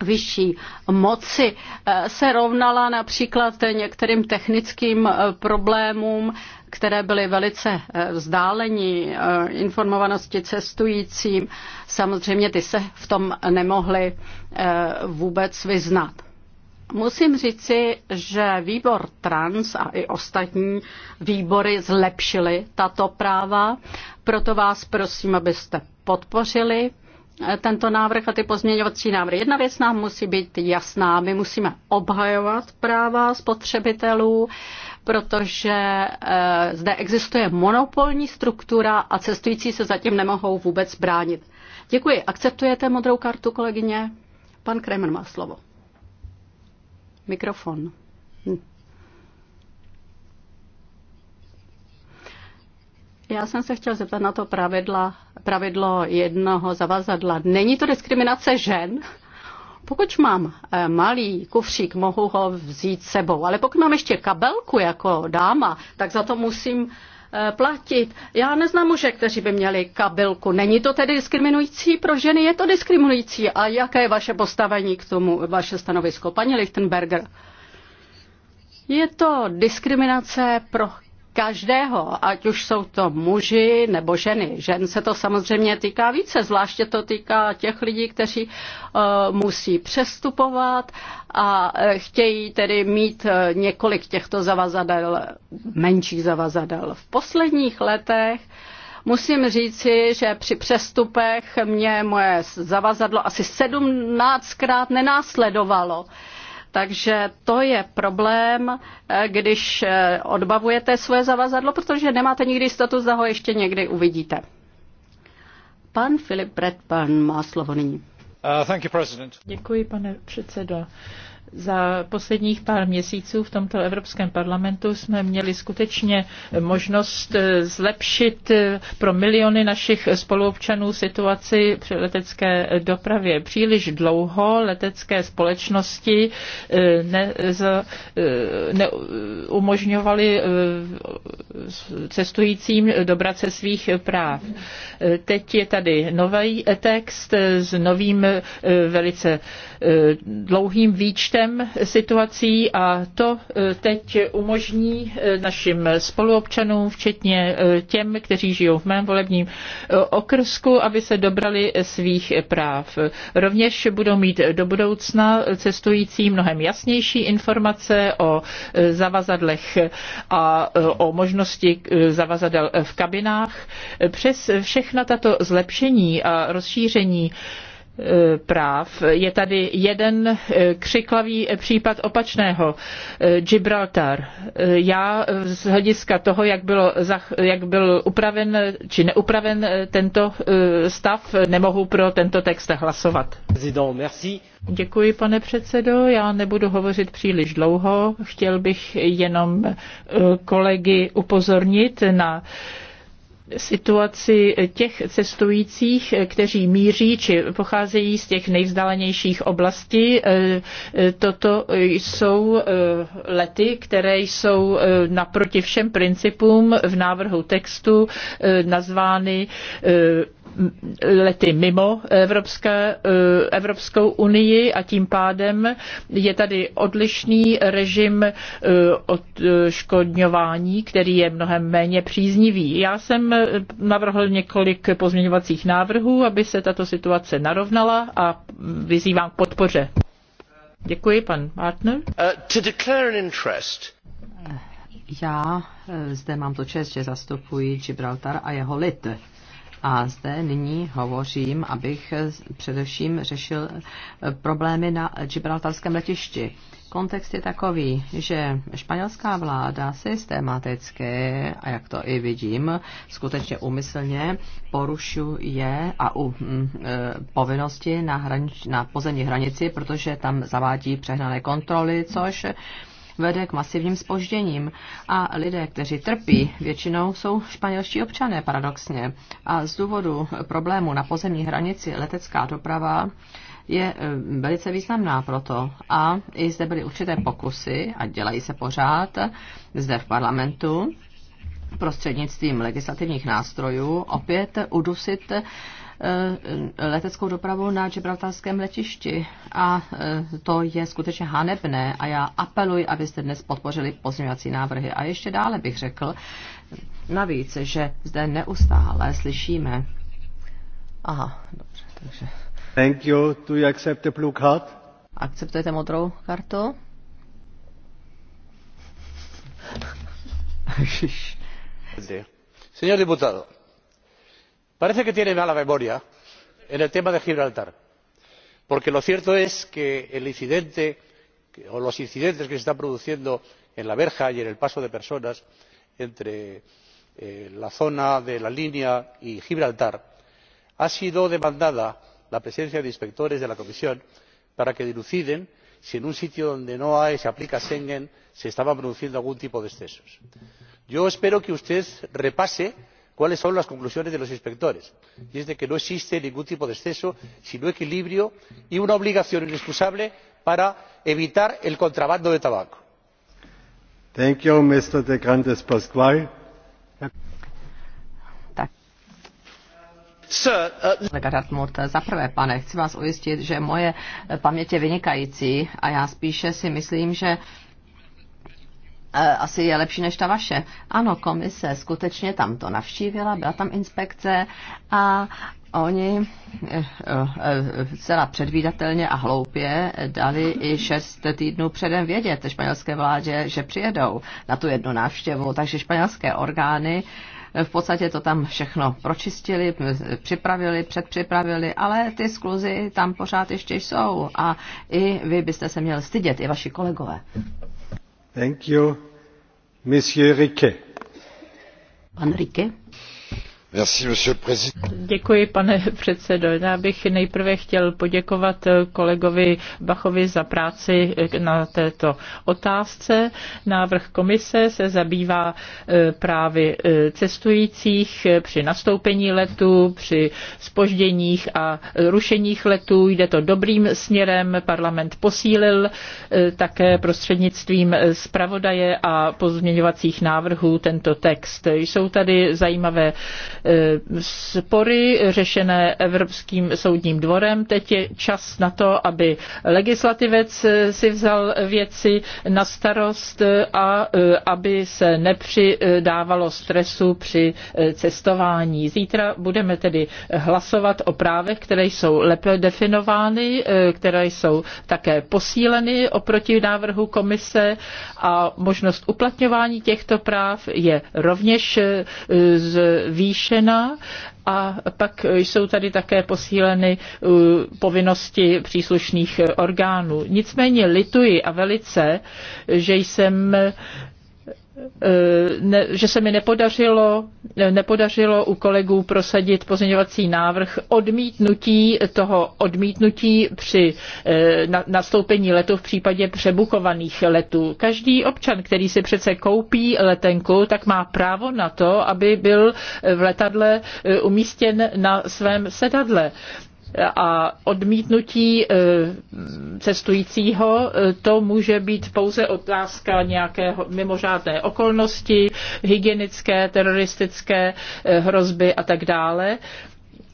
vyšší moci eh, se rovnala například některým technickým eh, problémům, které byly velice eh, vzdálení informovanosti cestujícím. Samozřejmě ty se v tom nemohly vůbec vyznat. Musím říci, že výbor trans a i ostatní výbory zlepšily tato práva, proto vás prosím, abyste podpořili tento návrh a ty pozměňovací návrhy. Jedna věc nám musí být jasná. My musíme obhajovat práva spotřebitelů, protože eh, zde existuje monopolní struktura a cestující se zatím nemohou vůbec bránit. Děkuji. Akceptujete modrou kartu, kolegyně? Pan Kremer má slovo. Mikrofon. Hm. Já jsem se chtěl zeptat na to pravidla, pravidlo jednoho zavazadla. Není to diskriminace žen? Pokud mám eh, malý kufřík, mohu ho vzít sebou, ale pokud mám ještě kabelku jako dáma, tak za to musím eh, platit. Já neznám muže, kteří by měli kabelku. Není to tedy diskriminující pro ženy? Je to diskriminující. A jaké je vaše postavení k tomu, vaše stanovisko? Paní Lichtenberger, je to diskriminace pro každého, ať už jsou to muži nebo ženy. Žen se to samozřejmě týká více, zvláště to týká těch lidí, kteří eh, musí přestupovat a eh, chtějí tedy mít eh, několik těchto zavazadel, menších zavazadel. V posledních letech Musím říci, že při přestupech mě moje zavazadlo asi sedmnáctkrát nenásledovalo. Takže to je problém, eh, když eh, odbavujete svoje zavazadlo, protože nemáte nikdy jistotu, zda ho ještě někdy uvidíte. Pan Filip Bretman má slovo nyní. Uh, you, Děkuji, pane předsedo. Za posledních pár měsíců v tomto Evropském parlamentu jsme měli skutečně možnost eh, zlepšit eh, pro miliony našich spoluobčanů situaci při letecké dopravě. Příliš dlouho letecké společnosti eh, neumožňovaly ne, cestujícím dobrat se svých práv. Teď je tady nový text s novým velice Eh, dlouhým výčtem situací a to eh, teď umožní eh, našim spoluobčanům, včetně těm, kteří žijou v mém volebním okrsku, aby se dobrali svých práv. Rovněž budou mít do budoucna cestující mnohem jasnější informace o zavazadlech a o možnosti zavazadel v kabinách. Přes všechna tato zlepšení a rozšíření Eh, práv. Je tady jeden eh, křiklavý eh, případ opačného, Gibraltar. Já z hlediska toho, jak, bylo, jak byl upraven či neupraven tento stav, nemohu pro tento text hlasovat. Děkuji, pane předsedo. Já nebudu hovořit příliš dlouho. Chtěl bych jenom kolegy upozornit na situaci těch cestujících, kteří míří či pocházejí z těch nejvzdálenějších oblastí. E, e, toto jsou e, lety, které jsou naproti všem principům v návrhu textu nazvány lety mimo Evropské, eh, Evropskou unii a tím pádem je tady odlišný režim eh, odškodňování, který je mnohem méně příznivý. Já jsem eh, navrhl několik pozměňovacích návrhů, aby se tato situace narovnala a vyzývám k podpoře. Děkuji, pan partner. Uh, Já zde mám to čest, že zastupuji Gibraltar a jeho lid a zde nyní hovořím, abych především řešil eh, problémy na Gibraltarském letišti. Kontext je takový, že španělská vláda systematicky, a jak to i vidím, skutečně úmyslně porušuje a u, e, povinnosti na, hranič, na pozemní hranici, protože tam zavádí přehnané kontroly, což vede k masivním spožděním. A lidé, kteří trpí, většinou jsou španělští občané, paradoxně. A z důvodu problému na pozemní hranici letecká doprava je eh, velice významná proto. A i zde byly určité pokusy, a dělají se pořád, zde v parlamentu, prostřednictvím legislativních nástrojů opět udusit Eh, leteckou dopravu na Gibraltarském letišti. A eh, to je skutečně hanebné a já apeluji, abyste dnes podpořili pozměňovací návrhy. A ještě dále bych řekl, navíc, že zde neustále slyšíme. Aha, dobře, takže. Thank you. Do you accept the blue card? Akceptujete modrou kartu? Señor diputado, parece que tiene mala memoria en el tema de gibraltar porque lo cierto es que el incidente o los incidentes que se están produciendo en la verja y en el paso de personas entre eh, la zona de la línea y gibraltar ha sido demandada la presencia de inspectores de la comisión para que diluciden si en un sitio donde no se aplica schengen se estaban produciendo algún tipo de excesos. yo espero que usted repase cuáles son las conclusiones de los inspectores y es que no existe ningún tipo de exceso sino equilibrio y una obligación inexcusable para evitar el contrabando de tabaco. Uh, za prvé, pane, chci vás ujistit, že moje paměť je vynikající a já spíše si myslím, že E, asi je lepší než ta vaše. Ano, komise skutečně tam to navštívila, byla tam inspekce a Oni e, e, celá předvídatelně a hloupě dali i šest týdnů předem vědět španělské vládě, že přijedou na tu jednu návštěvu, takže španělské orgány v podstatě to tam všechno pročistili, připravili, předpřipravili, ale ty skluzy tam pořád ještě jsou a i vy byste se měli stydět, i vaši kolegové. Thank you. Monsieur Riquet. Pan Riquet. Děkuji, pane předsedo. Já bych nejprve chtěl poděkovat kolegovi Bachovi za práci na této otázce. Návrh komise se zabývá e, právy e, cestujících při nastoupení letu, při spožděních a rušeních letů. Jde to dobrým směrem. Parlament posílil e, také prostřednictvím zpravodaje a pozměňovacích návrhů tento text. Jsou tady zajímavé Eh, spory řešené Evropským soudním dvorem. Teď je čas na to, aby legislativec eh, si vzal věci na starost eh, a aby se nepřidávalo stresu při cestování. Zítra budeme tedy hlasovat o právech, které jsou lépe definovány, které jsou také posíleny oproti návrhu komise a možnost uplatňování těchto práv je rovněž zvýšená zrušena a pak jsou tady také posíleny uh, povinnosti příslušných orgánů. Nicméně lituji a velice, že jsem Eh, ne, že se mi nepodařilo, eh, nepodařilo u kolegů prosadit pozměňovací návrh odmítnutí toho odmítnutí při eh, na, nastoupení letu v případě přebukovaných letů. Každý občan, který si přece koupí letenku, tak má právo na to, aby byl v letadle umístěn na svém sedadle a odmítnutí e, cestujícího, e, to může být pouze otázka nějaké mimořádné okolnosti, hygienické, teroristické e, hrozby a tak dále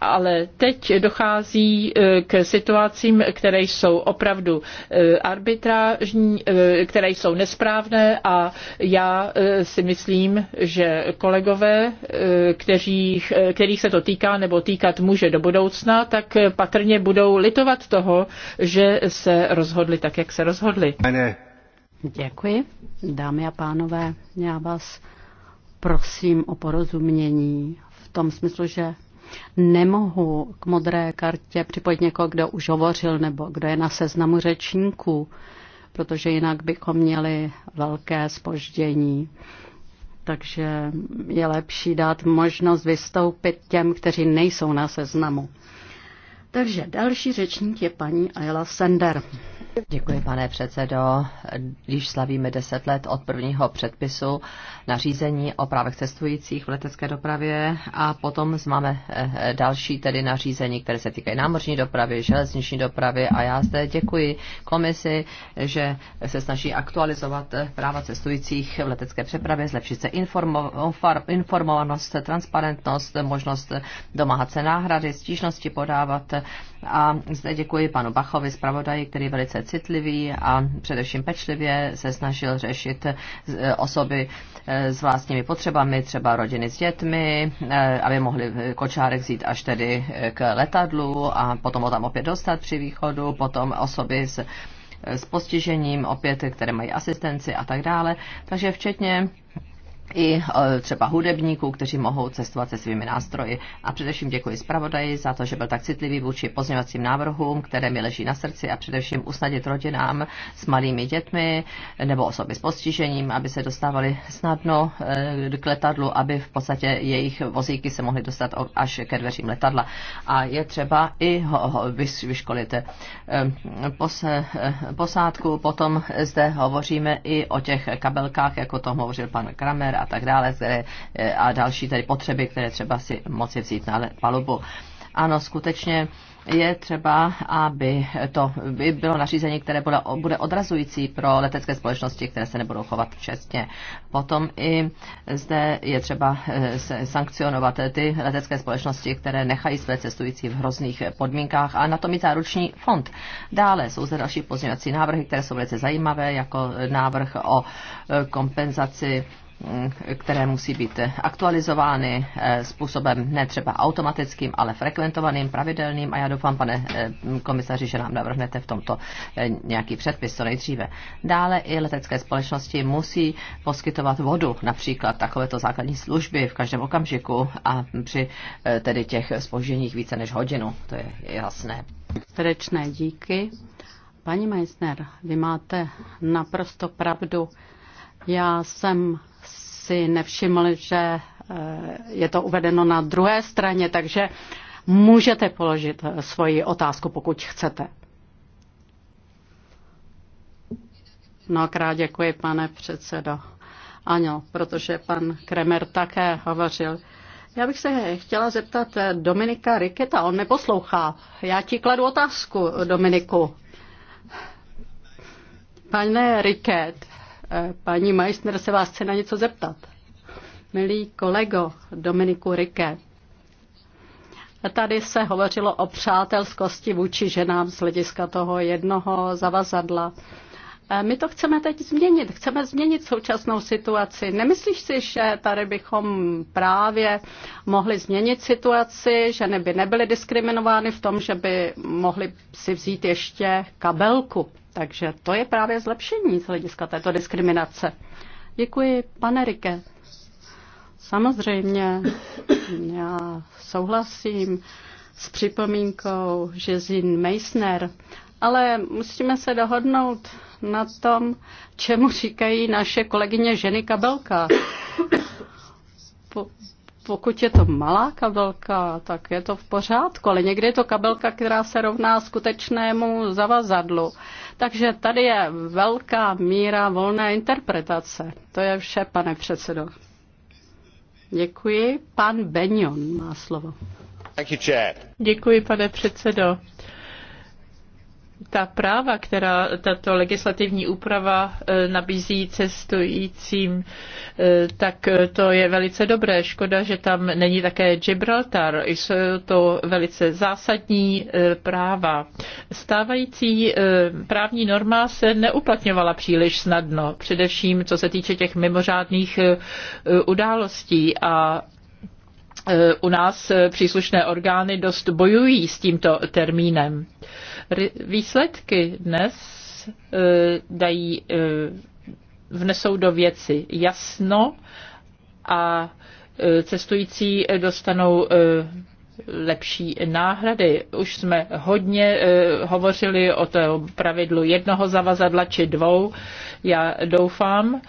ale teď dochází e, k situacím, které jsou opravdu e, arbitrážní, e, které jsou nesprávné a já si myslím, že kolegové, kterých, kterých se to týká nebo týkat může do budoucna, tak patrně budou litovat toho, že se rozhodli tak, jak se rozhodli. Děkuji. Dámy a pánové, já vás prosím o porozumění v tom smyslu, že nemohu k modré kartě připojit někoho, kdo už hovořil nebo kdo je na seznamu řečníků, protože jinak bychom měli velké spoždění. Takže je lepší dát možnost vystoupit těm, kteří nejsou na seznamu. Takže další řečník je paní Ayla Sender. Děkuji, pane předsedo. Když slavíme 10 let od prvního předpisu nařízení o právech cestujících v letecké dopravě a potom máme eh, další tedy nařízení, které se týkají námořní dopravy, železniční dopravy a já zde děkuji komisi, že se snaží aktualizovat eh, práva cestujících v letecké přepravě, zlepšit se informo, informovanost, transparentnost, možnost domáhat se náhrady, stížnosti podávat a zde děkuji panu Bachovi, zpravodaji, který velice citlivý a především pečlivě se snažil řešit eh, osoby eh, s vlastními potřebami, třeba rodiny s dětmi, eh, aby mohli kočárek vzít až tedy k letadlu a potom ho tam opět dostat při východu, potom osoby s s postižením, opět, které mají asistenci a tak dále. Takže včetně i e, třeba hudebníků, kteří mohou cestovat se svými nástroji. A především děkuji zpravodaji za to, že byl tak citlivý vůči pozměňovacím návrhům, které mi leží na srdci a především usnadit rodinám s malými dětmi nebo osoby s postižením, aby se dostávali snadno e, k letadlu, aby v podstatě jejich vozíky se mohly dostat až ke dveřím letadla. A je třeba i ho, ho vyškolit e, posádku. Potom zde hovoříme i o těch kabelkách, jako to hovořil pan Kramer a tak dále, které, eh, a další tedy potřeby, které třeba si moci vzít na palubu. Ano, skutečně je třeba, aby to by bylo nařízení, které bude, bude odrazující pro letecké společnosti, které se nebudou chovat čestně. Potom i zde je třeba eh, sankcionovat ty letecké společnosti, které nechají své cestující v hrozných podmínkách a na to mít záruční fond. Dále jsou zde další pozměňovací návrhy, které jsou velice zajímavé, jako návrh o eh, kompenzaci Eh, které musí být aktualizovány eh, způsobem ne třeba automatickým, ale frekventovaným, pravidelným a já doufám, pane eh, komisaři, že nám navrhnete v tomto nějaký předpis co nejdříve. Dále i letecké společnosti musí poskytovat vodu, například takovéto základní služby v každém okamžiku a při tedy těch spožděních více než hodinu, to je jasné. Srdečné díky. Paní Meissner, vy máte naprosto pravdu. Já jsem si nevšiml, že eh, je to uvedeno na druhé straně, takže můžete položit eh, svoji otázku, pokud chcete. Mnohokrát děkuji, pane předsedo. Ano, protože pan Kremer také hovořil. Já bych se chtěla zeptat eh, Dominika Riketa, on neposlouchá. Já ti kladu otázku, Dominiku. Pane Riket, Paní Meissner se vás chce na něco zeptat. Milý kolego Dominiku Rike, Tady se hovořilo o přátelskosti vůči ženám z hlediska toho jednoho zavazadla. Eh, my to chceme teď změnit. Chceme změnit současnou situaci. Nemyslíš si, že tady bychom právě mohli změnit situaci, že neby nebyly diskriminovány v tom, že by mohli si vzít ještě kabelku? Takže to je právě zlepšení z hlediska této diskriminace. Děkuji, pane Rike. Samozřejmě, já souhlasím s připomínkou Žezin Meissner, ale musíme se dohodnout na tom, čemu říkají naše kolegyně ženy kabelka. Po, pokud je to malá kabelka, tak je to v pořádku, ale někdy je to kabelka, která se rovná skutečnému zavazadlu. Takže tady je velká míra volné interpretace. To je vše, pane předsedo. Děkuji. Pan Benjon má slovo. Děkuji, pane předsedo ta práva, která tato legislativní úprava e, nabízí cestujícím, e, tak to je velice dobré. Škoda, že tam není také Gibraltar. Jsou to velice zásadní e, práva. Stávající právní norma se neuplatňovala příliš snadno, především co se týče těch mimořádných událostí a u nás eh, příslušné orgány dost bojují s tímto termínem. Výsledky dnes eh, dají, eh, vnesou do věci jasno a cestující dostanou lepší náhrady. Už jsme hodně uh, hovořili o tom pravidlu jednoho zavazadla či dvou. Já doufám,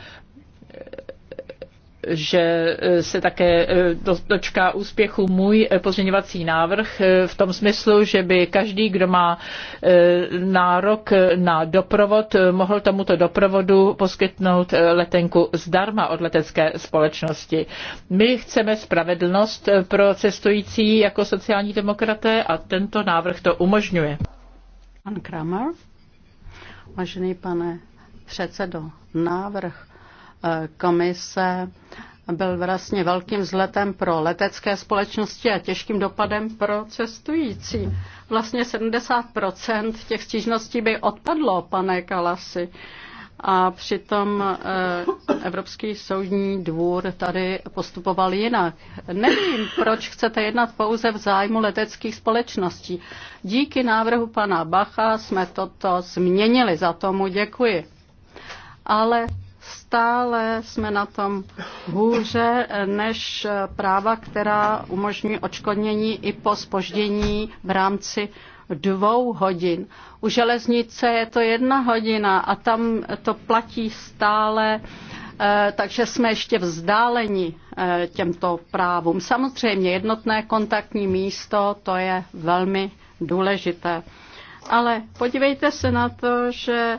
že e, se také e, dočká úspěchu můj e, pozměňovací návrh v tom smyslu, že by každý, kdo má nárok na doprovod, mohl tomuto doprovodu poskytnout letenku zdarma od letecké společnosti. My chceme spravedlnost pro cestující jako sociální demokraté a tento návrh to umožňuje. Pan Kramer, vážený pane předsedo, návrh E, komise byl vlastně velkým vzletem pro letecké společnosti a těžkým dopadem pro cestující. Vlastně 70% těch stížností by odpadlo, pane Kalasi. A přitom e, Evropský soudní dvůr tady postupoval jinak. Nevím, proč chcete jednat pouze v zájmu leteckých společností. Díky návrhu pana Bacha jsme toto změnili, za tomu děkuji. Ale Stále jsme na tom hůře než práva, která umožňují očkodnění i po spoždění v rámci dvou hodin. U železnice je to jedna hodina a tam to platí stále, eh, takže jsme ještě vzdáleni eh, těmto právům. Samozřejmě jednotné kontaktní místo, to je velmi důležité. Ale podívejte se na to, že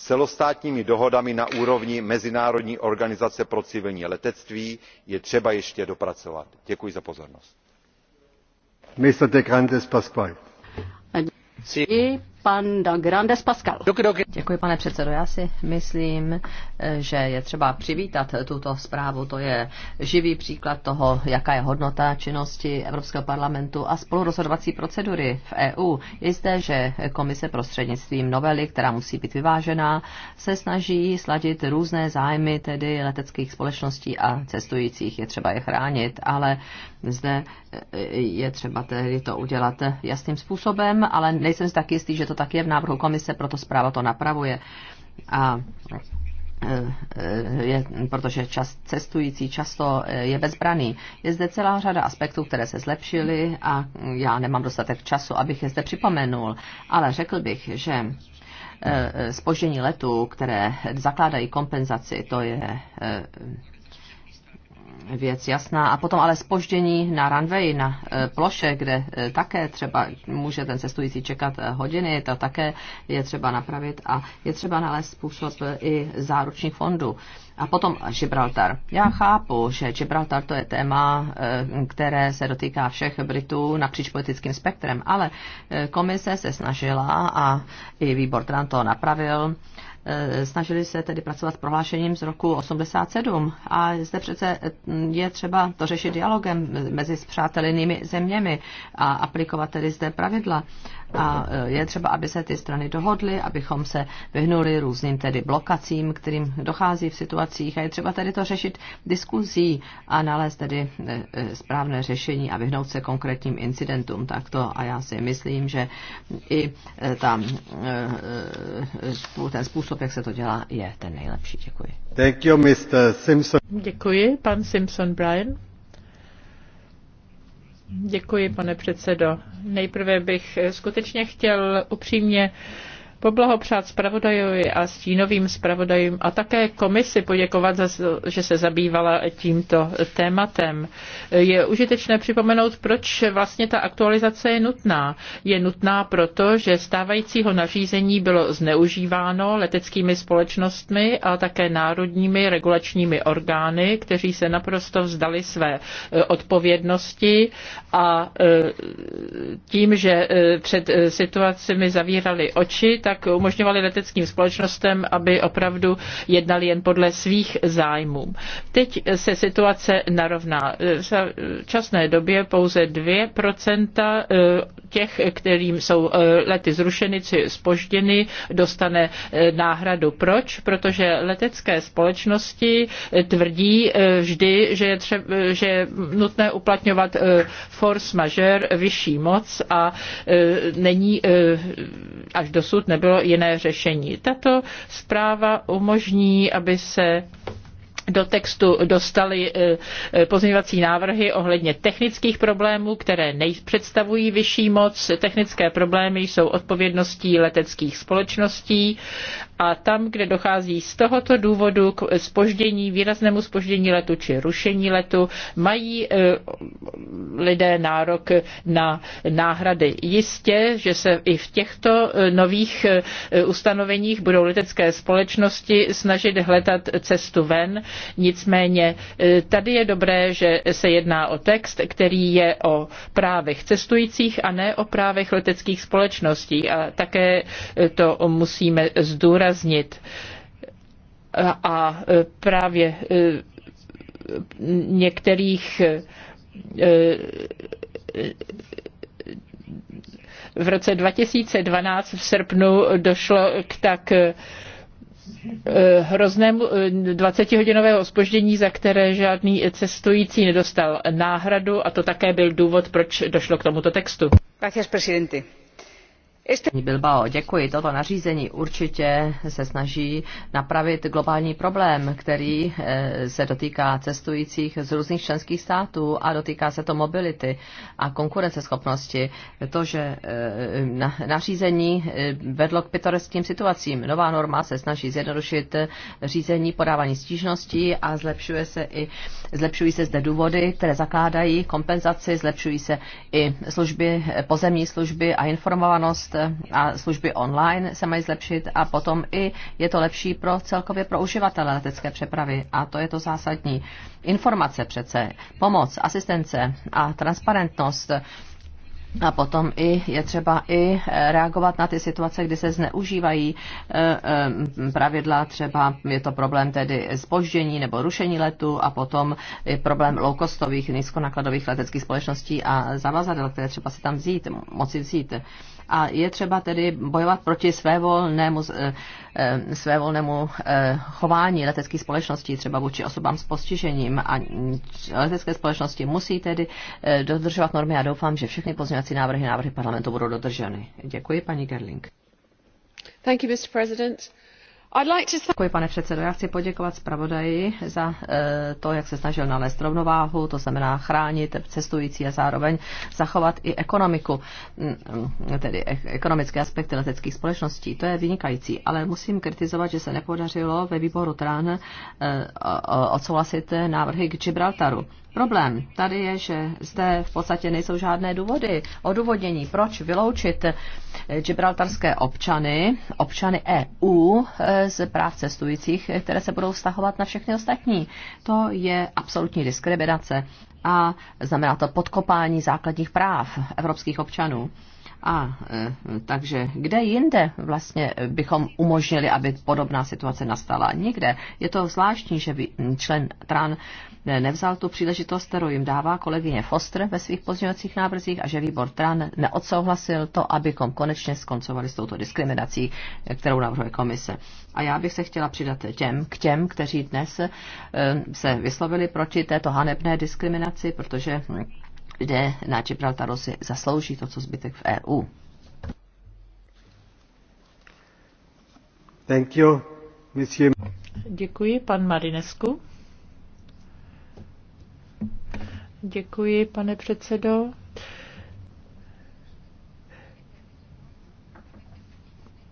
s celostátními dohodami na úrovni mezinárodní organizace pro civilní letectví je třeba ještě dopracovat. děkuji za pozornost pan Grandes Pascal. Děkuji, pane předsedo. Já si myslím, že je třeba přivítat tuto zprávu. To je živý příklad toho, jaká je hodnota činnosti Evropského parlamentu a spolurozhodovací procedury v EU. Je zde, že komise prostřednictvím novely, která musí být vyvážená, se snaží sladit různé zájmy, tedy leteckých společností a cestujících. Je třeba je chránit, ale zde e, e, je třeba tedy to udělat jasným způsobem, ale nejsem si tak jistý, že to tak je v návrhu komise, proto zpráva to napravuje. A e, je, protože čas, cestující často je bezbraný. Je zde celá řada aspektů, které se zlepšily a já nemám dostatek času, abych je zde připomenul, ale řekl bych, že spoždění letů, které zakládají kompenzaci, to je věc jasná. A potom ale spoždění na runway, na eh, ploše, kde eh, také třeba může ten cestující čekat eh, hodiny, to také je třeba napravit a je třeba nalézt způsob i záručních fondů. A potom Gibraltar. Já chápu, že Gibraltar to je téma, které se dotýká všech Britů napříč politickým spektrem, ale komise se snažila a i výbor Tran to napravil, Eh, snažili se tedy pracovat s prohlášením z roku 87. A zde přece hm, je třeba to řešit dialogem mezi spřátelenými zeměmi a aplikovat tedy zde pravidla a e, je třeba, aby se ty strany dohodly, abychom se vyhnuli různým tedy blokacím, kterým dochází v situacích a je třeba tedy to řešit diskuzí a nalézt tedy e, e, správné řešení a vyhnout se konkrétním incidentům takto a já si myslím, že i tam ten způsob, jak se to dělá, je ten nejlepší. Děkuji. Thank you, Mr. Simpson. Děkuji, pan Simpson Brian. Děkuji, pane předsedo. Nejprve bych skutečně chtěl upřímně poblahopřát zpravodajovi a stínovým zpravodajům a také komisi poděkovat, za, že se zabývala tímto tématem. Je užitečné připomenout, proč vlastně ta aktualizace je nutná. Je nutná proto, že stávajícího nařízení bylo zneužíváno leteckými společnostmi a také národními regulačními orgány, kteří se naprosto vzdali své e, odpovědnosti a e, tím, že e, před situacemi zavírali oči, tak umožňovali leteckým společnostem, aby opravdu jednali jen podle svých zájmů. Teď se situace narovná. V časné době pouze 2% eh, těch, kterým jsou eh, lety zrušeny či spožděny, dostane eh, náhradu. Proč? Protože letecké společnosti tvrdí vždy, že je, třeba, že je nutné uplatňovat force majeure, vyšší moc a není až dosud ne nebylo jiné řešení. Tato zpráva umožní, aby se do textu dostali eh, eh, pozměňovací návrhy ohledně technických problémů, které představují vyšší moc. Technické problémy jsou odpovědností leteckých společností a tam, kde dochází z tohoto důvodu k spoždění, výraznému spoždění letu či rušení letu, mají e, lidé nárok na náhrady. Jistě, že se i v těchto e, nových e, ustanoveních budou letecké společnosti snažit hledat cestu ven, nicméně tady je dobré, že se jedná o text, který je o právech cestujících a ne o právech leteckých společností a také to musíme zdůraznit zdůraznit. A právě e, některých e, e, v roce 2012 v srpnu došlo k tak hroznému 20-hodinového spoždění, za které žádný cestující nedostal náhradu a to také byl důvod, proč došlo k tomuto textu. Gracias, presidente. Bilbao, děkuji. Toto nařízení určitě se snaží napravit globální problém, který eh, se dotýká cestujících z různých členských států a dotýká se to mobility a konkurenceschopnosti. To, že eh, nařízení eh, vedlo k pitoreským situacím. Nová norma se snaží zjednodušit řízení podávání stížností a zlepšuje se i, zlepšují se zde důvody, které zakládají kompenzaci, zlepšují se i služby, pozemní služby a informovanost E, a služby online se mají zlepšit a potom i je to lepší pro celkově pro uživatele letecké přepravy a to je to zásadní. Informace přece, pomoc, asistence a transparentnost. A potom i je třeba i e, reagovat na ty situace, kdy se zneužívají e, pravidla, třeba je to problém tedy zpoždění nebo rušení letu a potom je problém loukostových, nízkonakladových leteckých společností a zavazadel, které třeba si tam vzít, moci vzít a je třeba tedy bojovat proti svévolnému, eh, eh, svévolnému eh, chování leteckých společností, třeba vůči osobám s postižením. A letecké společnosti musí tedy dodržovat normy a doufám, že všechny pozměňovací návrhy návrhy parlamentu budou dodrženy. Děkuji, paní Gerling. Thank you, Mr. President. Děkuji, pane předsedo. Já chci poděkovat zpravodaji za eh, to, jak se snažil nalézt rovnováhu, to znamená chránit cestující a zároveň zachovat i ekonomiku, mm, tedy ekonomické aspekty leteckých společností. To je vynikající, ale musím kritizovat, že se nepodařilo ve výboru TRAN eh, odsouhlasit návrhy k Gibraltaru. Problém tady je, že zde v podstatě nejsou žádné důvody, odůvodnění, proč vyloučit eh, gibraltarské občany, občany EU eh, z práv cestujících, eh, které se budou vztahovat na všechny ostatní. To je absolutní diskriminace a znamená to podkopání základních práv evropských občanů. A takže kde jinde vlastně bychom umožnili, aby podobná situace nastala? Nikde. Je to zvláštní, že člen TRAN nevzal tu příležitost, kterou jim dává kolegyně Foster ve svých pozměňovacích návrzích a že výbor TRAN neodsouhlasil to, abychom konečně skoncovali s touto diskriminací, kterou navrhuje komise. A já bych se chtěla přidat těm, k těm, kteří dnes eh, se vyslovili proti této hanebné diskriminaci, protože kde na Gibraltaru si zaslouží to, co zbytek v EU. Thank you, Děkuji, pan Marinescu. Děkuji, pane předsedo.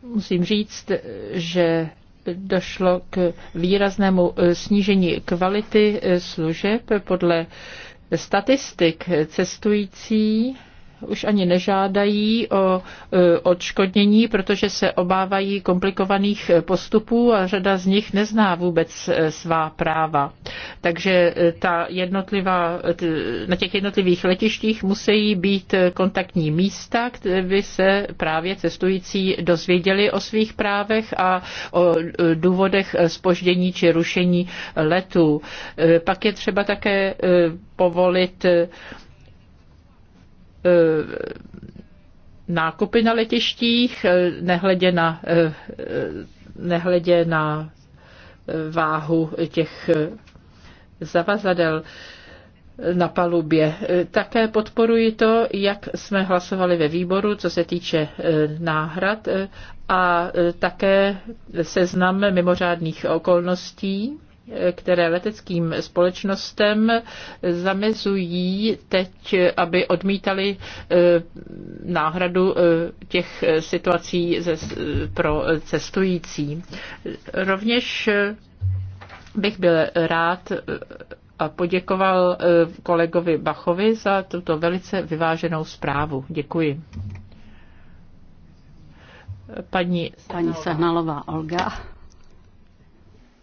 Musím říct, že došlo k výraznému eh, snížení kvality eh, služeb podle statistik cestující už ani nežádají o e, odškodnění, protože se obávají komplikovaných postupů a řada z nich nezná vůbec e, svá práva. Takže e, ta jednotlivá, na těch jednotlivých letištích musí být kontaktní místa, kde by se právě cestující dozvěděli o svých právech a o důvodech spoždění či rušení letů. Pak je třeba také povolit Eh, nákupy na letištích, eh, nehledě na, eh, nehledě na váhu těch zavazadel na palubě. Také podporuji to, jak jsme hlasovali ve výboru, co se týče náhrad a také seznam mimořádných okolností které leteckým společnostem zamezují teď, aby odmítali eh, náhradu eh, těch eh, situací pro cestující. Rovněž bych byl rád a poděkoval kolegovi Bachovi za tuto velice vyváženou zprávu. Děkuji. Paní, Paní Sehnalová Olga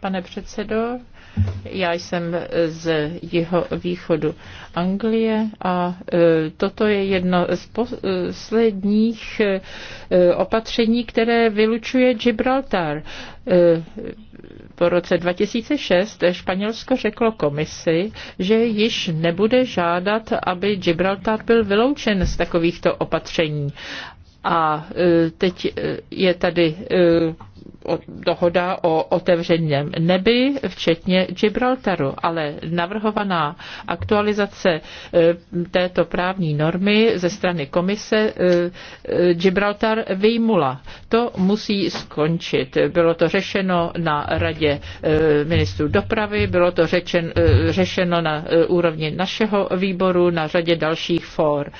pane předsedo. Já jsem z jeho východu Anglie a e, toto je jedno z posledních e, opatření, které vylučuje Gibraltar. E, po roce 2006 Španělsko řeklo komisi, že již nebude žádat, aby Gibraltar byl vyloučen z takovýchto opatření. A teď je tady dohoda o otevřeném nebi, včetně Gibraltaru, ale navrhovaná aktualizace e, této právní normy ze strany komise e, e, Gibraltar vyjmula. To musí skončit. Bylo to řešeno na radě ministrů dopravy, bylo to řečen, řešeno na úrovni našeho výboru, na řadě dalších fór.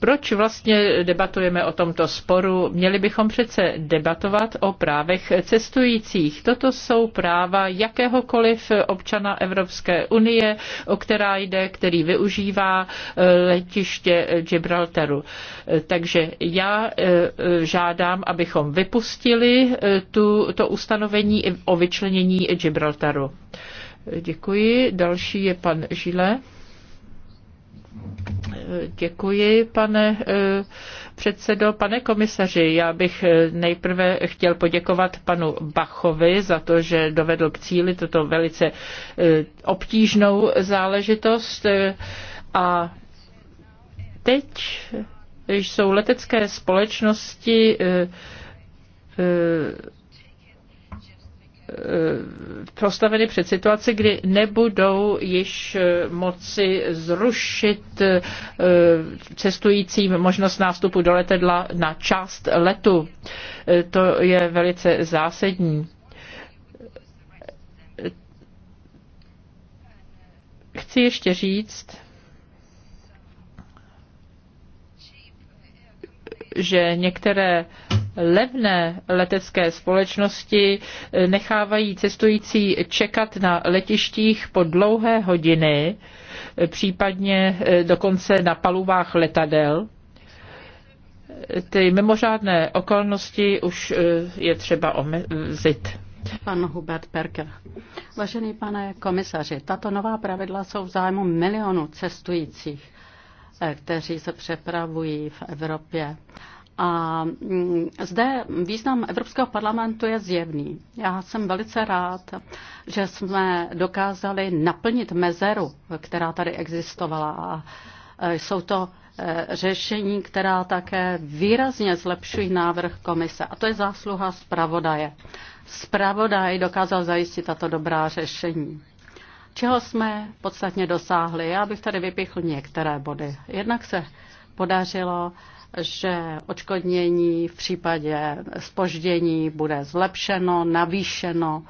Proč vlastně debatujeme o tomto sporu? Měli bychom přece debatovat o právech cestujících. Toto jsou práva jakéhokoliv občana Evropské unie, o která jde, který využívá eh, letiště Gibraltaru. Eh, takže já eh, žádám, abychom vypustili tu, to ustanovení o vyčlenění Gibraltaru. Děkuji. Další je pan Žile. Děkuji, pane eh, předsedo. Pane komisaři, já bych eh, nejprve chtěl poděkovat panu Bachovi za to, že dovedl k cíli tuto velice eh, obtížnou záležitost. A teď jsou letecké společnosti Eh, postaveny před situaci, kdy nebudou již eh, moci zrušit eh, cestujícím možnost nástupu do letadla na část letu. To je velice zásadní. Chci ještě říct, že některé levné letecké společnosti eh, nechávají cestující čekat na letištích po dlouhé hodiny, eh, případně eh, dokonce na palubách letadel. Ty mimořádné okolnosti už je třeba omezit. Pan Hubert Perker. Vážený pane komisaři, tato nová pravidla jsou v zájmu milionů cestujících. Eh, kteří se přepravují v Evropě. A mm, zde význam Evropského parlamentu je zjevný. Já jsem velice rád, že jsme dokázali naplnit mezeru, která tady existovala. A eh, jsou to eh, řešení, která také výrazně zlepšují návrh komise. A to je zásluha zpravodaje. Zpravodaj dokázal zajistit tato dobrá řešení. Čeho jsme podstatně dosáhli? Já bych tady vypichl některé body. Jednak se podařilo, že očkodnění v případě spoždění bude zlepšeno, navýšeno.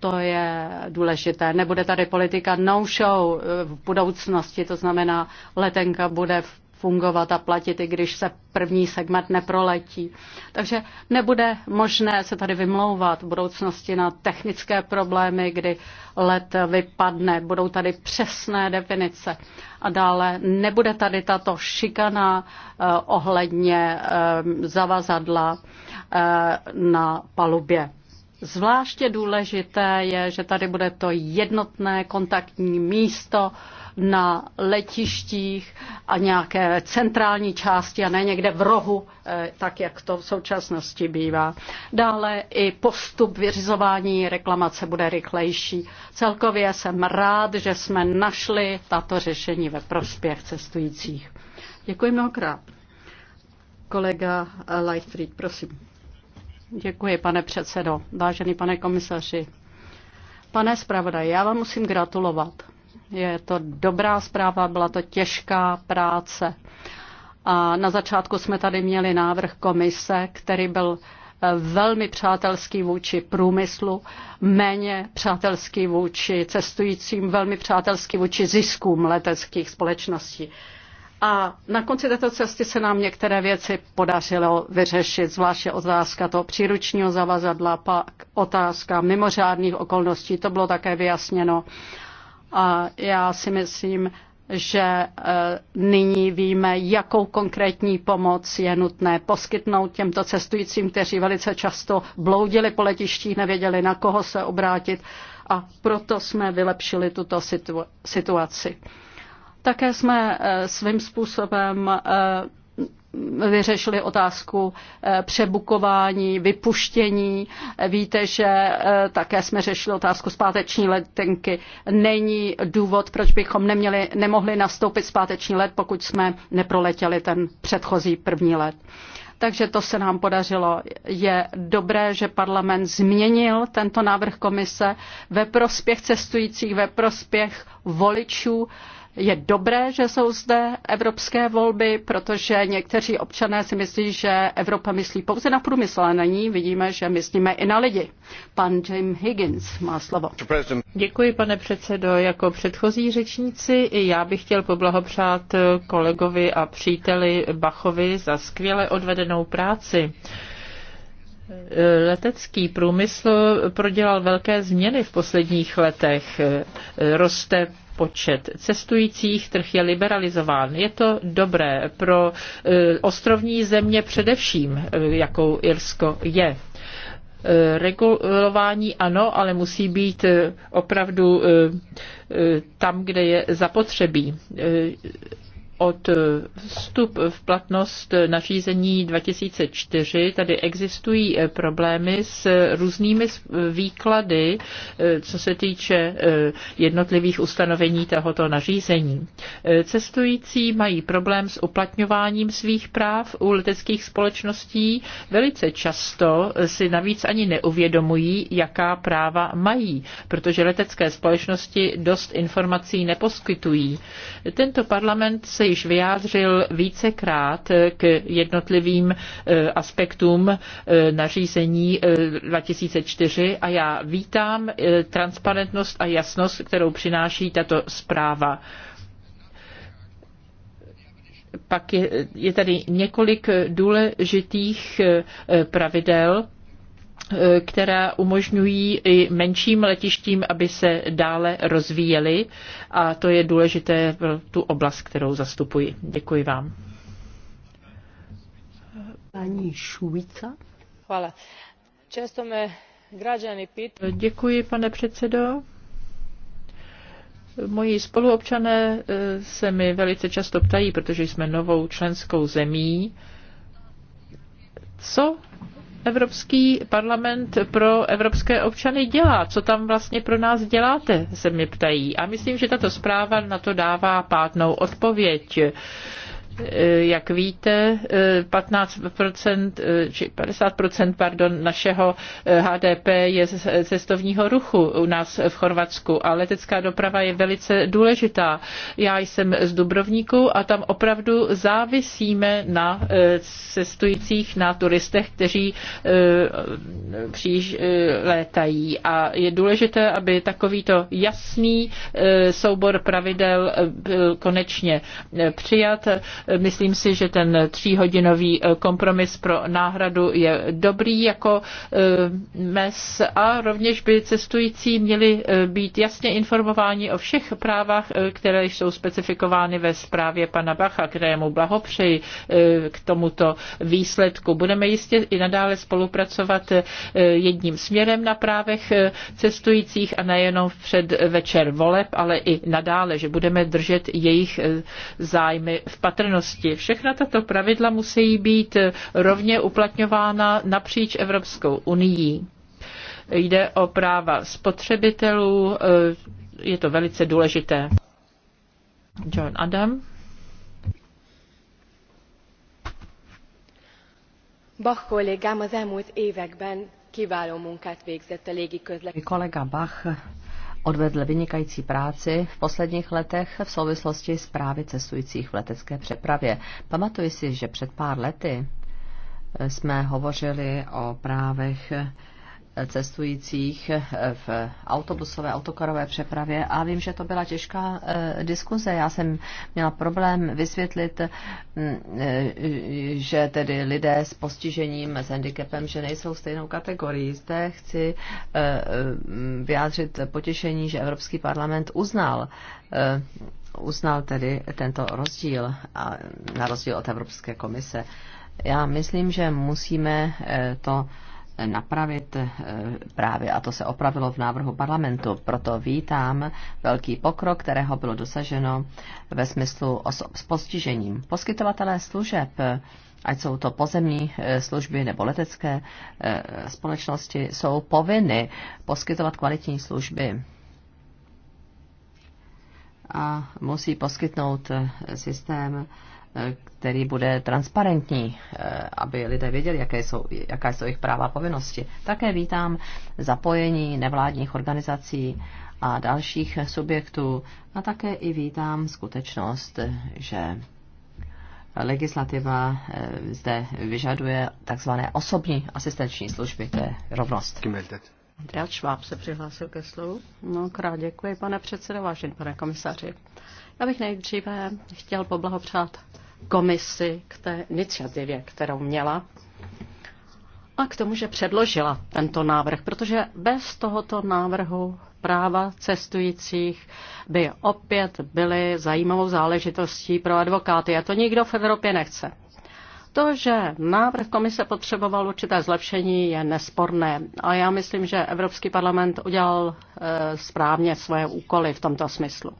To je důležité. Nebude tady politika no show v budoucnosti, to znamená letenka bude v fungovat a platit, i když se první segment neproletí. Takže nebude možné se tady vymlouvat v budoucnosti na technické problémy, kdy let vypadne, budou tady přesné definice a dále nebude tady tato šikana eh, ohledně eh, zavazadla eh, na palubě. Zvláště důležité je, že tady bude to jednotné kontaktní místo eh, na letištích a nějaké centrální části a ne někde v rohu, eh, tak jak to v současnosti bývá. Dále i postup vyřizování reklamace bude rychlejší. Celkově jsem rád, že jsme našli tato řešení ve prospěch cestujících. Děkuji mnohokrát. Kolega Lightfried, prosím. Děkuji, pane předsedo. Vážený pane komisaři. Pane zpravodaj, já vám musím gratulovat. Je to dobrá zpráva, byla to těžká práce. A na začátku jsme tady měli návrh komise, který byl eh, velmi přátelský vůči průmyslu, méně přátelský vůči cestujícím, velmi přátelský vůči ziskům leteckých společností. A na konci této cesty se nám některé věci podařilo vyřešit, zvláště otázka toho příručního zavazadla, pak otázka mimořádných okolností, to bylo také vyjasněno. A já si myslím, že e, nyní víme, jakou konkrétní pomoc je nutné poskytnout těmto cestujícím, kteří velice často bloudili po letištích, nevěděli, na koho se obrátit a proto jsme vylepšili tuto situaci. Také jsme e, svým způsobem e, vyřešili otázku eh, přebukování, vypuštění. Eh, víte, že eh, také jsme řešili otázku zpáteční letenky. Není důvod, proč bychom neměli, nemohli nastoupit zpáteční let, pokud jsme neproletěli ten předchozí první let. Takže to se nám podařilo. Je dobré, že parlament změnil tento návrh komise ve prospěch cestujících, ve prospěch voličů. Je dobré, že jsou zde evropské volby, protože někteří občané si myslí, že Evropa myslí pouze na průmysl, ale na ní vidíme, že myslíme i na lidi. Pan Jim Higgins má slovo. Děkuji, pane předsedo. Jako předchozí řečníci i já bych chtěl poblahopřát kolegovi a příteli Bachovi za skvěle odvedenou práci. Letecký průmysl prodělal velké změny v posledních letech. Roste počet cestujících, trh je liberalizován. Je to dobré pro e, ostrovní země především, e, jakou Irsko je e, regulování ano, ale musí být opravdu tam, kde je zapotřebí od eh, vstup v platnost nařízení 2004 tady existují eh, problémy s různými eh, výklady, co se týče jednotlivých ustanovení tohoto nařízení. Cestující mají problém s uplatňováním svých práv u leteckých společností. Velice často si navíc ani neuvědomují, jaká práva mají, protože letecké společnosti dost informací neposkytují. Tento parlament se již vyjádřil vícekrát k jednotlivým e, aspektům e, nařízení 2004 e, a já vítám transparentnost a jasnost, kterou přináší tato zpráva. Pak je, je tady několik důležitých pravidel, Eh, která umožňují i menším letištím, aby se dále rozvíjely a to je důležité pro tu oblast, kterou zastupuji. Děkuji vám. Paní Šuvica. Hvala. Často mě građani pitajú. Eh, děkuji, pane předsedo. Moji spoluobčané eh, se mi velice často ptají, protože jsme novou členskou zemí, co Evropský parlament pro evropské občany dělá? Co tam vlastně pro nás děláte, se mě ptají. A myslím, že tato zpráva na to dává pátnou odpověď. Eh, jak víte, 15% eh, eh, či 50% pardon, našeho HDP je z cestovního ruchu u nás v Chorvatsku a letecká doprava je velice důležitá. Já jsem z Dubrovníku a tam opravdu závisíme na cestujících, na turistech, kteří příž létají. A je důležité, aby takovýto jasný soubor pravidel byl konečně přijat Myslím si, že ten tříhodinový eh, kompromis pro náhradu je dobrý jako eh, mes a rovněž by cestující měli eh, být jasně informováni o všech právách, které jsou specifikovány ve zprávě pana Bacha, kterému blahopřeji k tomuto výsledku. Budeme jistě i nadále spolupracovat jedním směrem na právech cestujících a nejenom před večer voleb, ale i nadále, že budeme držet jejich zájmy v patrnosti povinnosti. Všechna tato pravidla musí být rovně uplatňována napříč Evropskou unii. Jde o práva spotřebitelů, eh, je to velice důležité. John Adam. Bach kollégám az elmúlt években kiváló munkát végzett a légi közlekedésben. Kollega Bach odvedl vynikající práci v posledních letech v souvislosti s právy cestujících v letecké přepravě. Pamatuji si, že před pár lety eh, jsme hovořili o právech cestujících v autobusové, autokarové přepravě a vím, že to byla těžká eh, diskuze. Já jsem měla problém vysvětlit, mm, eh, že tedy lidé s postižením, s handicapem, že nejsou stejnou kategorií. Zde chci eh, mm, vyjádřit potěšení, že Evropský parlament uznal uznal tedy tento rozdíl a na rozdíl od Evropské komise. Já myslím, že musíme to napravit eh, právě, a to se opravilo v návrhu parlamentu. Proto vítám velký pokrok, kterého bylo dosaženo ve smyslu osob s postižením. Poskytovatelé služeb ať jsou to pozemní eh, služby nebo letecké eh, společnosti, jsou povinny poskytovat kvalitní služby a musí poskytnout systém který bude transparentní, eh, aby lidé věděli, jaké jsou, jaká jsou jejich práva a povinnosti. Také vítám zapojení nevládních organizací a dalších subjektů a také i vítám skutečnost, že legislativa eh, zde vyžaduje takzvané osobní asistenční služby, to je rovnost. Andrea Schwab se přihlásil ke slovu. No, krát děkuji, pane předsedo, vážený pane komisaři. Já bych nejdříve chtěl poblahopřát komisi k té iniciativě, kterou měla a k tomu, že předložila tento návrh, protože bez tohoto návrhu práva cestujících by opět byly zajímavou záležitostí pro advokáty a to nikdo v Evropě nechce. To, že návrh komise potřeboval určité zlepšení, je nesporné. A já myslím, že Evropský parlament udělal e, správně svoje úkoly v tomto smyslu.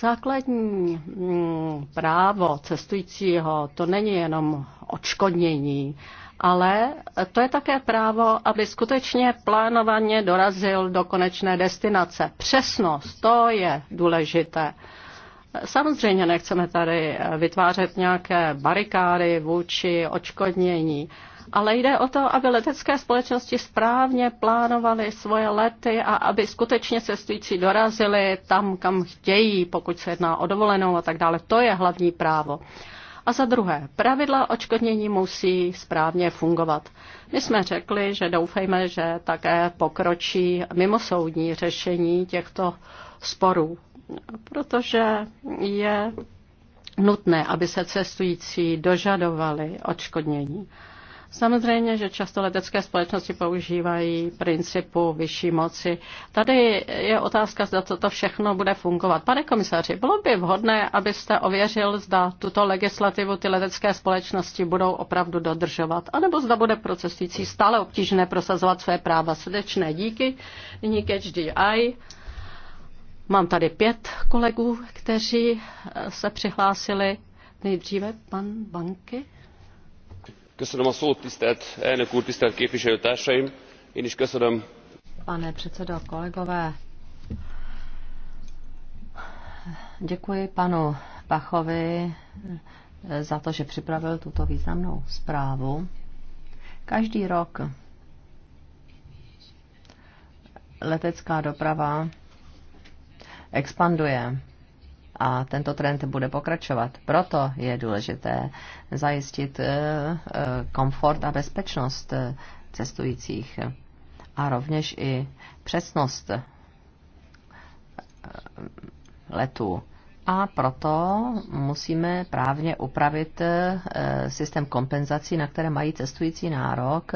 Základní mm, právo cestujícího to není jenom odškodnění, ale to je také právo, aby skutečně plánovaně dorazil do konečné destinace. Přesnost, to je důležité. Samozřejmě nechceme tady vytvářet nějaké barikády vůči odškodnění, ale jde o to, aby letecké společnosti správně plánovaly svoje lety a aby skutečně cestující dorazili tam, kam chtějí, pokud se jedná o dovolenou a tak dále. To je hlavní právo. A za druhé, pravidla očkodnění musí správně fungovat. My jsme řekli, že doufejme, že také pokročí mimosoudní řešení těchto sporů, protože je nutné, aby se cestující dožadovali odškodnění. Samozřejmě, že často letecké společnosti používají principu vyšší moci. Tady je otázka, zda toto všechno bude fungovat. Pane komisaři, bylo by vhodné, abyste ověřil, zda tuto legislativu ty letecké společnosti budou opravdu dodržovat, anebo zda bude procesující stále obtížné prosazovat své práva. Srdečné díky. Nyní Catch HDI. Mám tady pět kolegů, kteří se přihlásili. Nejdříve pan Banky tisztelt elnök úr tisztelt képviselőtársaim! én is köszönöm. pane předsedo kolegové děkuji panu bachovi za to že připravil tuto významnou zprávu. každý rok letecká doprava expanduje a tento trend bude pokračovat. Proto je důležité zajistit eh, eh, komfort a bezpečnost eh, cestujících a rovněž i přesnost letů. A proto musíme právně upravit systém kompenzací, na které mají cestující nárok,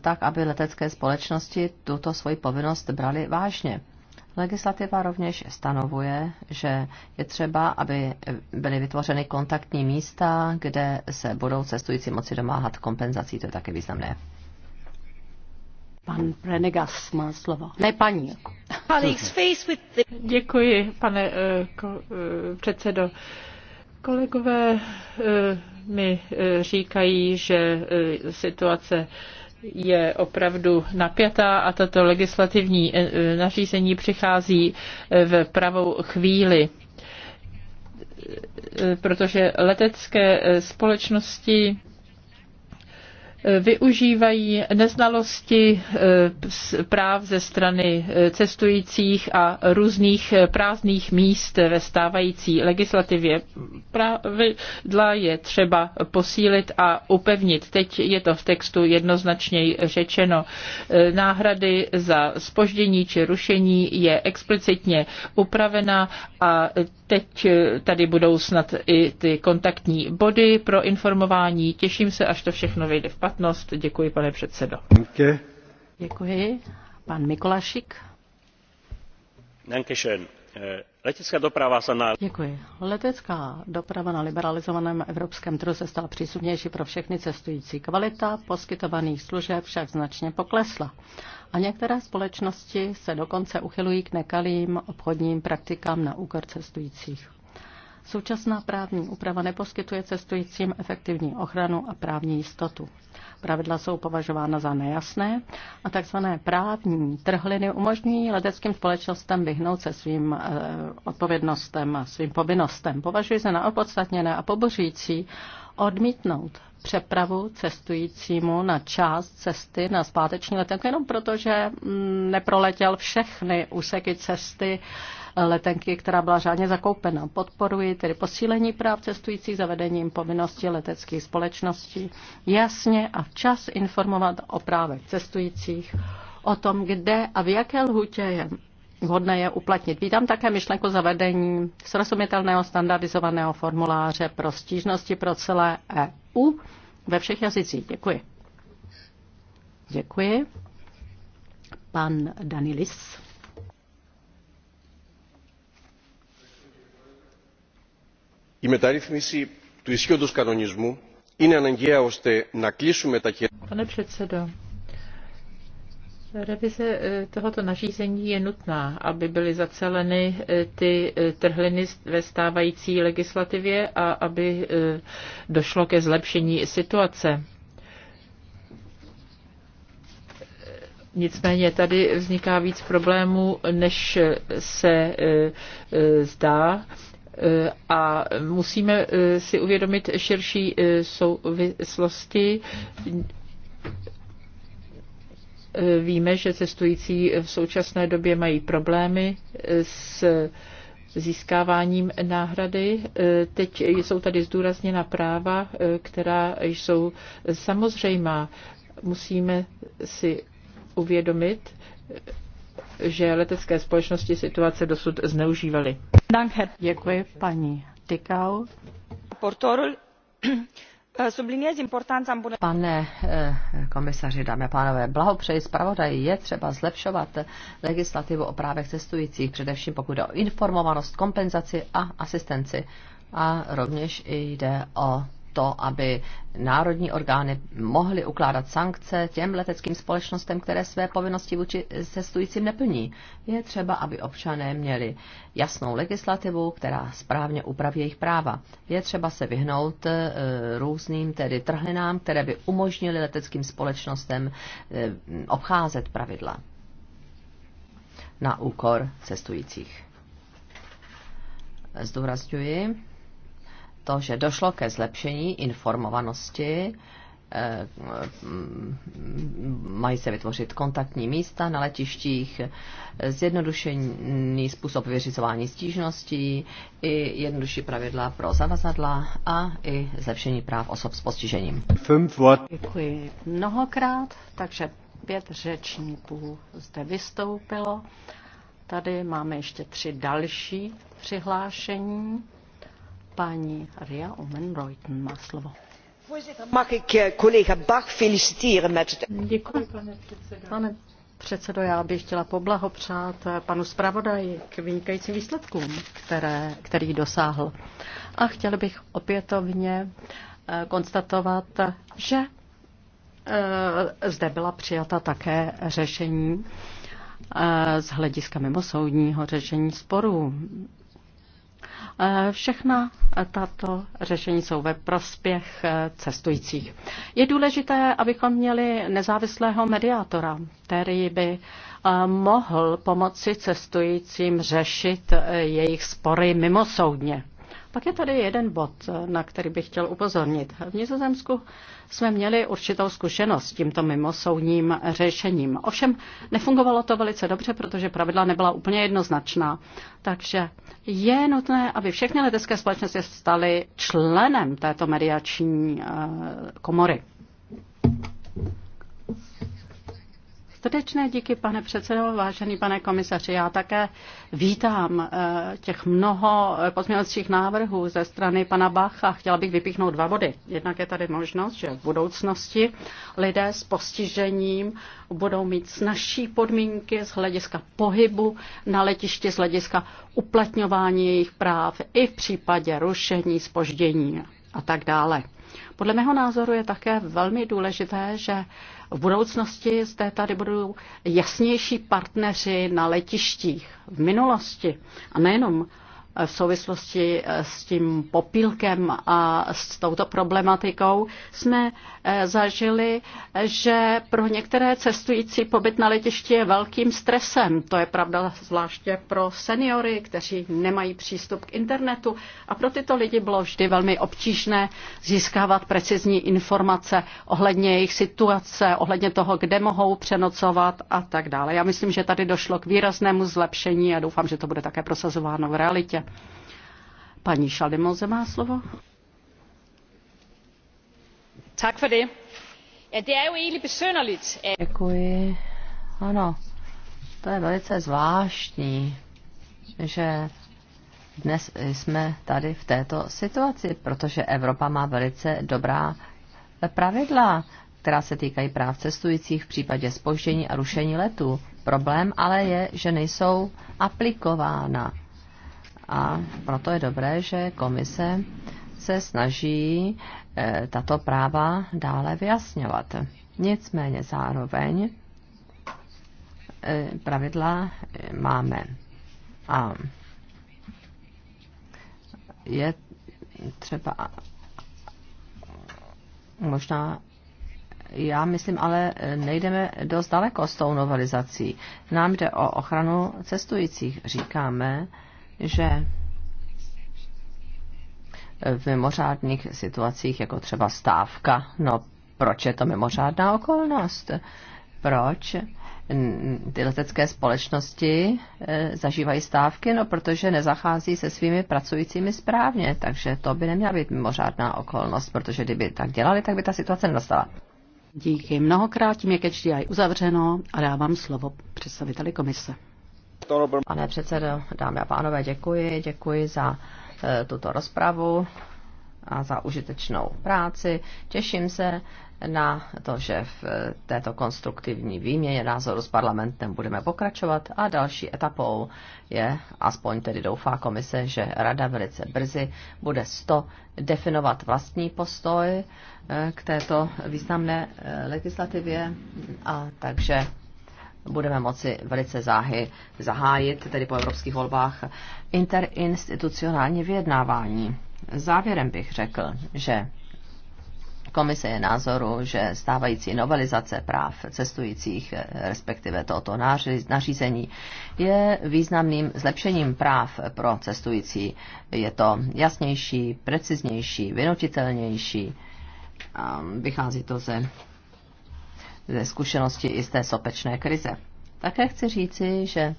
tak aby letecké společnosti tuto svoji povinnost brali vážně. Legislativa rovněž stanovuje, že je třeba, aby byly vytvořeny kontaktní místa, kde se budou cestující moci domáhat kompenzací. To je také významné. Pan Prenegas má slovo. Ne, paní. Děkuji, pane eh, eh, předsedo. Kolegové eh, mi říkají, že situace je opravdu napjatá a tato legislativní eh, eh, nařízení přichází eh, v pravou chvíli protože letecké společnosti využívají neznalosti eh, práv ze strany eh, cestujících a různých eh, prázdných míst ve stávající legislativě. Pravidla je třeba posílit a upevnit. Teď je to v textu jednoznačně řečeno. Náhrady za spoždění či rušení je explicitně upravena a Teď eh, tady budou snad i ty kontaktní body pro informování. Těším se, až to všechno vejde v platnost. Děkuji, pane předsedo. Děkuji. Děkuji. Pan Mikolašik. Děkuji. Letecká doprava se na... Děkuji. Letecká doprava na liberalizovaném evropském trhu se stala přísudnější pro všechny cestující. Kvalita poskytovaných služeb však značně poklesla. A některé společnosti se dokonce uchylují k nekalým obchodním praktikám na úkor cestujících. Současná právní úprava neposkytuje cestujícím efektivní ochranu a právní jistotu. Pravidla jsou považována za nejasné a tzv. právní trhliny umožňují leteckým společnostem vyhnout se svým eh, odpovědnostem a svým povinnostem. Považuje se na opodstatněné a pobořící odmítnout přepravu cestujícímu na část cesty na zpáteční letenku, jenom protože mm, neproletěl všechny úseky cesty eh, letenky, která byla řádně zakoupena. Podporuji tedy posílení práv cestujících zavedením povinnosti leteckých společností jasně a včas informovat o právech cestujících, o tom, kde a v jaké lhutě je vhodné je uplatnit. Vítám také myšlenku zavedení srozumitelného standardizovaného formuláře pro stížnosti pro celé EU ve všech jazycích. Děkuji. Děkuji. Pan Danilis. Η μεταρρύθμιση του ισχύοντος κανονισμού είναι αναγκαία ώστε να κλείσουμε τα Pane předsedo, Revize eh, tohoto nařízení je nutná, aby byly zaceleny eh, ty eh, trhliny ve stávající legislativě a aby došlo ke zlepšení situace. Nicméně tady vzniká víc problémů, než se zdá a musíme si uvědomit širší souvislosti Eh, víme, že cestující v současné době mají problémy eh, s získáváním náhrady. Eh, teď jsou tady zdůrazněna práva, která jsou samozřejmá. Musíme si uvědomit, že letecké společnosti situace dosud zneužívaly. Děkuji paní Tykau. Eh, Pane eh, komisaři, dámy a pánové, blahopřeji zpravodaji. Je třeba zlepšovat legislativu o právech cestujících, především pokud jde o informovanost, kompenzaci a asistenci. A rovněž jde o to, aby národní orgány mohly ukládat sankce těm leteckým společnostem, které své povinnosti vůči cestujícím neplní. Je třeba, aby občané měli jasnou legislativu, která správně upraví jejich práva. Je třeba se vyhnout e, různým tedy trhlinám, které by umožnily leteckým společnostem e, obcházet pravidla na úkor cestujících. Zdůrazňuji, to, že došlo ke zlepšení informovanosti, eh, mm, mají se vytvořit kontaktní místa na letištích, zjednodušený způsob vyřizování stížností, i jednodušší pravidla pro zavazadla a i zlepšení práv osob s postižením. Děkuji mnohokrát, takže pět řečníků zde vystoupilo. Tady máme ještě tři další přihlášení. Paní Ria Omen-Reuten má slovo. Eh, Děkuji, pane předsedo. Pane předsedo, já bych chtěla poblahopřát eh, panu zpravodaji k vynikajícím výsledkům, které, kterých dosáhl. A chtěl bych opětovně eh, konstatovat, že zde byla přijata také řešení z hlediska mimosoudního řešení sporů. Eh, všechna tato řešení jsou ve prospěch eh, cestujících. Je důležité, abychom měli nezávislého mediátora, který by eh, mohl pomoci cestujícím řešit jejich spory mimosoudně. Pak je tady jeden bod, na který bych chtěl upozornit. V Nizozemsku jsme měli určitou zkušenost s tímto mimosoudním řešením. Ovšem nefungovalo to velice dobře, protože pravidla nebyla úplně jednoznačná. Takže je nutné, aby všechny letecké společnosti staly členem této mediační eh, komory. Srdečné díky, pane předsedo, vážený pane komisaři. Já také vítám eh, těch mnoho pozměňovacích návrhů ze strany pana Bacha. Chtěla bych vypíchnout dva body. Jednak je tady možnost, že v budoucnosti lidé s postižením budou mít snažší podmínky z hlediska pohybu na letišti, z hlediska uplatňování jejich práv i v případě rušení, spoždění a tak dále. Podle mého názoru je také velmi důležité, že v budoucnosti zde tady budou jasnější partneři na letištích v minulosti a nejenom v souvislosti eh, s tím popílkem a s touto problematikou jsme eh, zažili, že pro některé cestující pobyt na letišti je velkým stresem. To je pravda zvláště pro seniory, kteří nemají přístup k internetu a pro tyto lidi bylo vždy velmi obtížné získávat precizní informace ohledně jejich situace, ohledně toho, kde mohou přenocovat a tak dále. Já myslím, že tady došlo k výraznému zlepšení a doufám, že to bude také prosazováno v realitě. Paní Šalimoze má slovo. Tak for det. Ja, det er jo egentlig besynderligt. Děkuji. Ano, to je velice zvláštní, že dnes jsme tady v této situaci, protože Evropa má velice dobrá pravidla, která se týkají práv cestujících v případě spoždění a rušení letů. Problém ale je, že nejsou aplikována. A proto je dobré, že komise se snaží eh, tato práva dále vyjasňovat. Nicméně zároveň eh, pravidla eh, máme. A je třeba možná já myslím, ale nejdeme dost daleko s tou novelizací. Nám jde o ochranu cestujících. Říkáme, že v mimořádných situacích, jako třeba stávka, no proč je to mimořádná okolnost? Proč ty letecké společnosti e, zažívají stávky? No, protože nezachází se svými pracujícími správně, takže to by neměla být mimořádná okolnost, protože kdyby tak dělali, tak by ta situace nedostala. Díky mnohokrát, tím je KHDI uzavřeno a dávám slovo představiteli komise. Pane předsedo, dámy a pánové, děkuji. Děkuji za e, tuto rozpravu a za užitečnou práci. Těším se na to, že v e, této konstruktivní výměně názoru s parlamentem budeme pokračovat a další etapou je, aspoň tedy doufá komise, že rada velice brzy bude 100 definovat vlastní postoj e, k této významné legislativě a takže budeme moci velice záhy zahájit, tedy po evropských volbách, interinstitucionální vyjednávání. Závěrem bych řekl, že Komise je názoru, že stávající novelizace práv cestujících, respektive tohoto nařízení, je významným zlepšením práv pro cestující. Je to jasnější, preciznější, vynutitelnější. Vychází to ze ze zkušenosti i z té sopečné krize. Také chci říci, že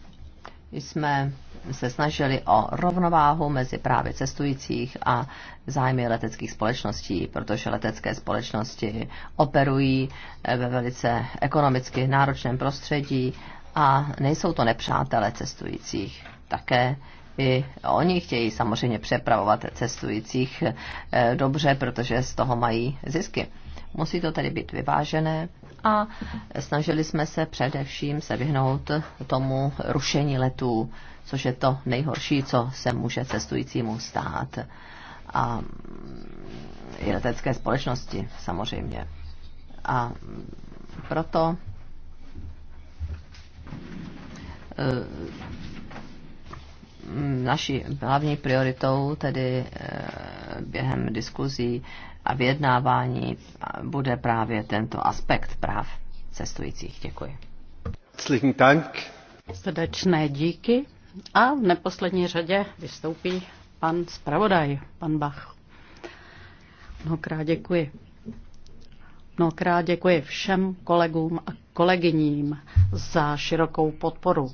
jsme se snažili o rovnováhu mezi právě cestujících a zájmy leteckých společností, protože letecké společnosti operují eh, ve velice ekonomicky náročném prostředí a nejsou to nepřátelé cestujících. Také i oni chtějí samozřejmě přepravovat cestujících eh, dobře, protože z toho mají zisky. Musí to tedy být vyvážené a snažili jsme se především se vyhnout tomu rušení letů, což je to nejhorší, co se může cestujícímu stát. A i letecké společnosti samozřejmě. A proto eh, naší hlavní prioritou tedy eh, během diskuzí a vyjednávání bude právě tento aspekt práv cestujících. Děkuji. Slyším Srdečné díky a v neposlední řadě vystoupí pan zpravodaj, pan Bach. Mnohokrát děkuji. Mnohokrát děkuji všem kolegům a kolegyním za širokou podporu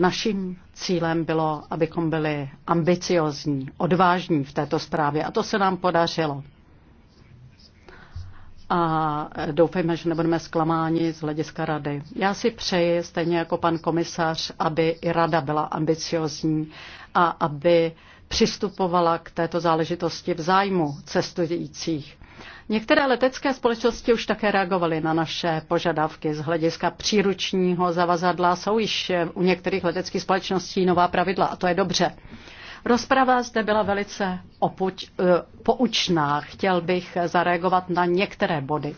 Naším cílem bylo, abychom byli ambiciozní, odvážní v této zprávě a to se nám podařilo. A doufejme, že nebudeme zklamáni z hlediska rady. Já si přeji, stejně jako pan komisař, aby i rada byla ambiciozní a aby přistupovala k této záležitosti v zájmu cestujících. Některé letecké společnosti už také reagovaly na naše požadavky z hlediska příručního zavazadla. Jsou již eh, u některých leteckých společností nová pravidla a to je dobře. Rozprava zde byla velice opuč, eh, poučná. Chtěl bych zareagovat na některé body.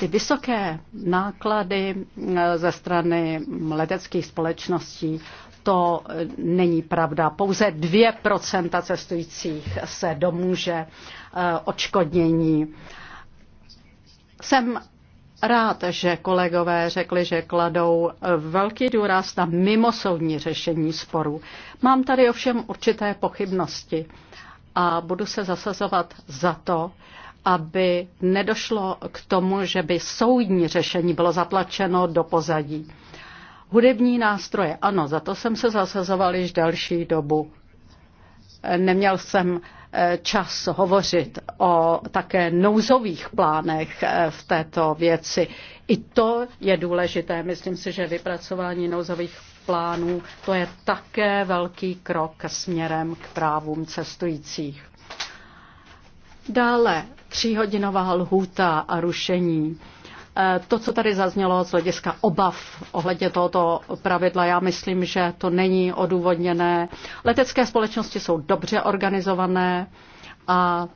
Ty vysoké náklady eh, ze strany leteckých společností to eh, není pravda. Pouze 2% cestujících se domůže eh, očkodnění. Jsem rád, že kolegové řekli, že kladou eh, velký důraz na mimosoudní řešení sporů. Mám tady ovšem určité pochybnosti a budu se zasazovat za to, aby nedošlo k tomu, že by soudní řešení bylo zatlačeno do pozadí. Hudební nástroje, ano, za to jsem se zasazoval již další dobu. Neměl jsem eh, čas hovořit o také nouzových plánech eh, v této věci. I to je důležité. Myslím si, že vypracování nouzových plánů to je také velký krok směrem k právům cestujících. Dále tříhodinová lhůta a rušení. Eh, to, co tady zaznělo z hlediska obav ohledně tohoto pravidla, já myslím, že to není odůvodněné. Letecké společnosti jsou dobře organizované a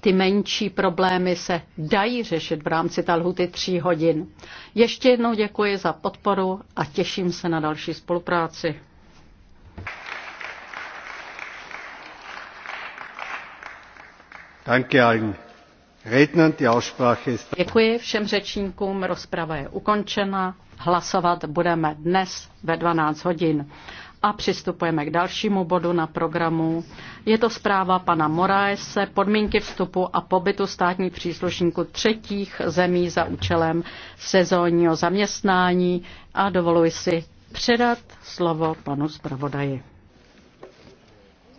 ty menší problémy se dají řešit v rámci té lhuty tří hodin. Ještě jednou děkuji za podporu a těším se na další spolupráci. Danke allen. Děkuji všem řečníkům, rozprava je ukončena. Hlasovat budeme dnes ve 12 hodin. A přistupujeme k dalšímu bodu na programu. Je to zpráva pana Moraese, podmínky vstupu a pobytu státních příslušníků třetích zemí za účelem sezónního zaměstnání a dovoluji si předat slovo panu zpravodaji.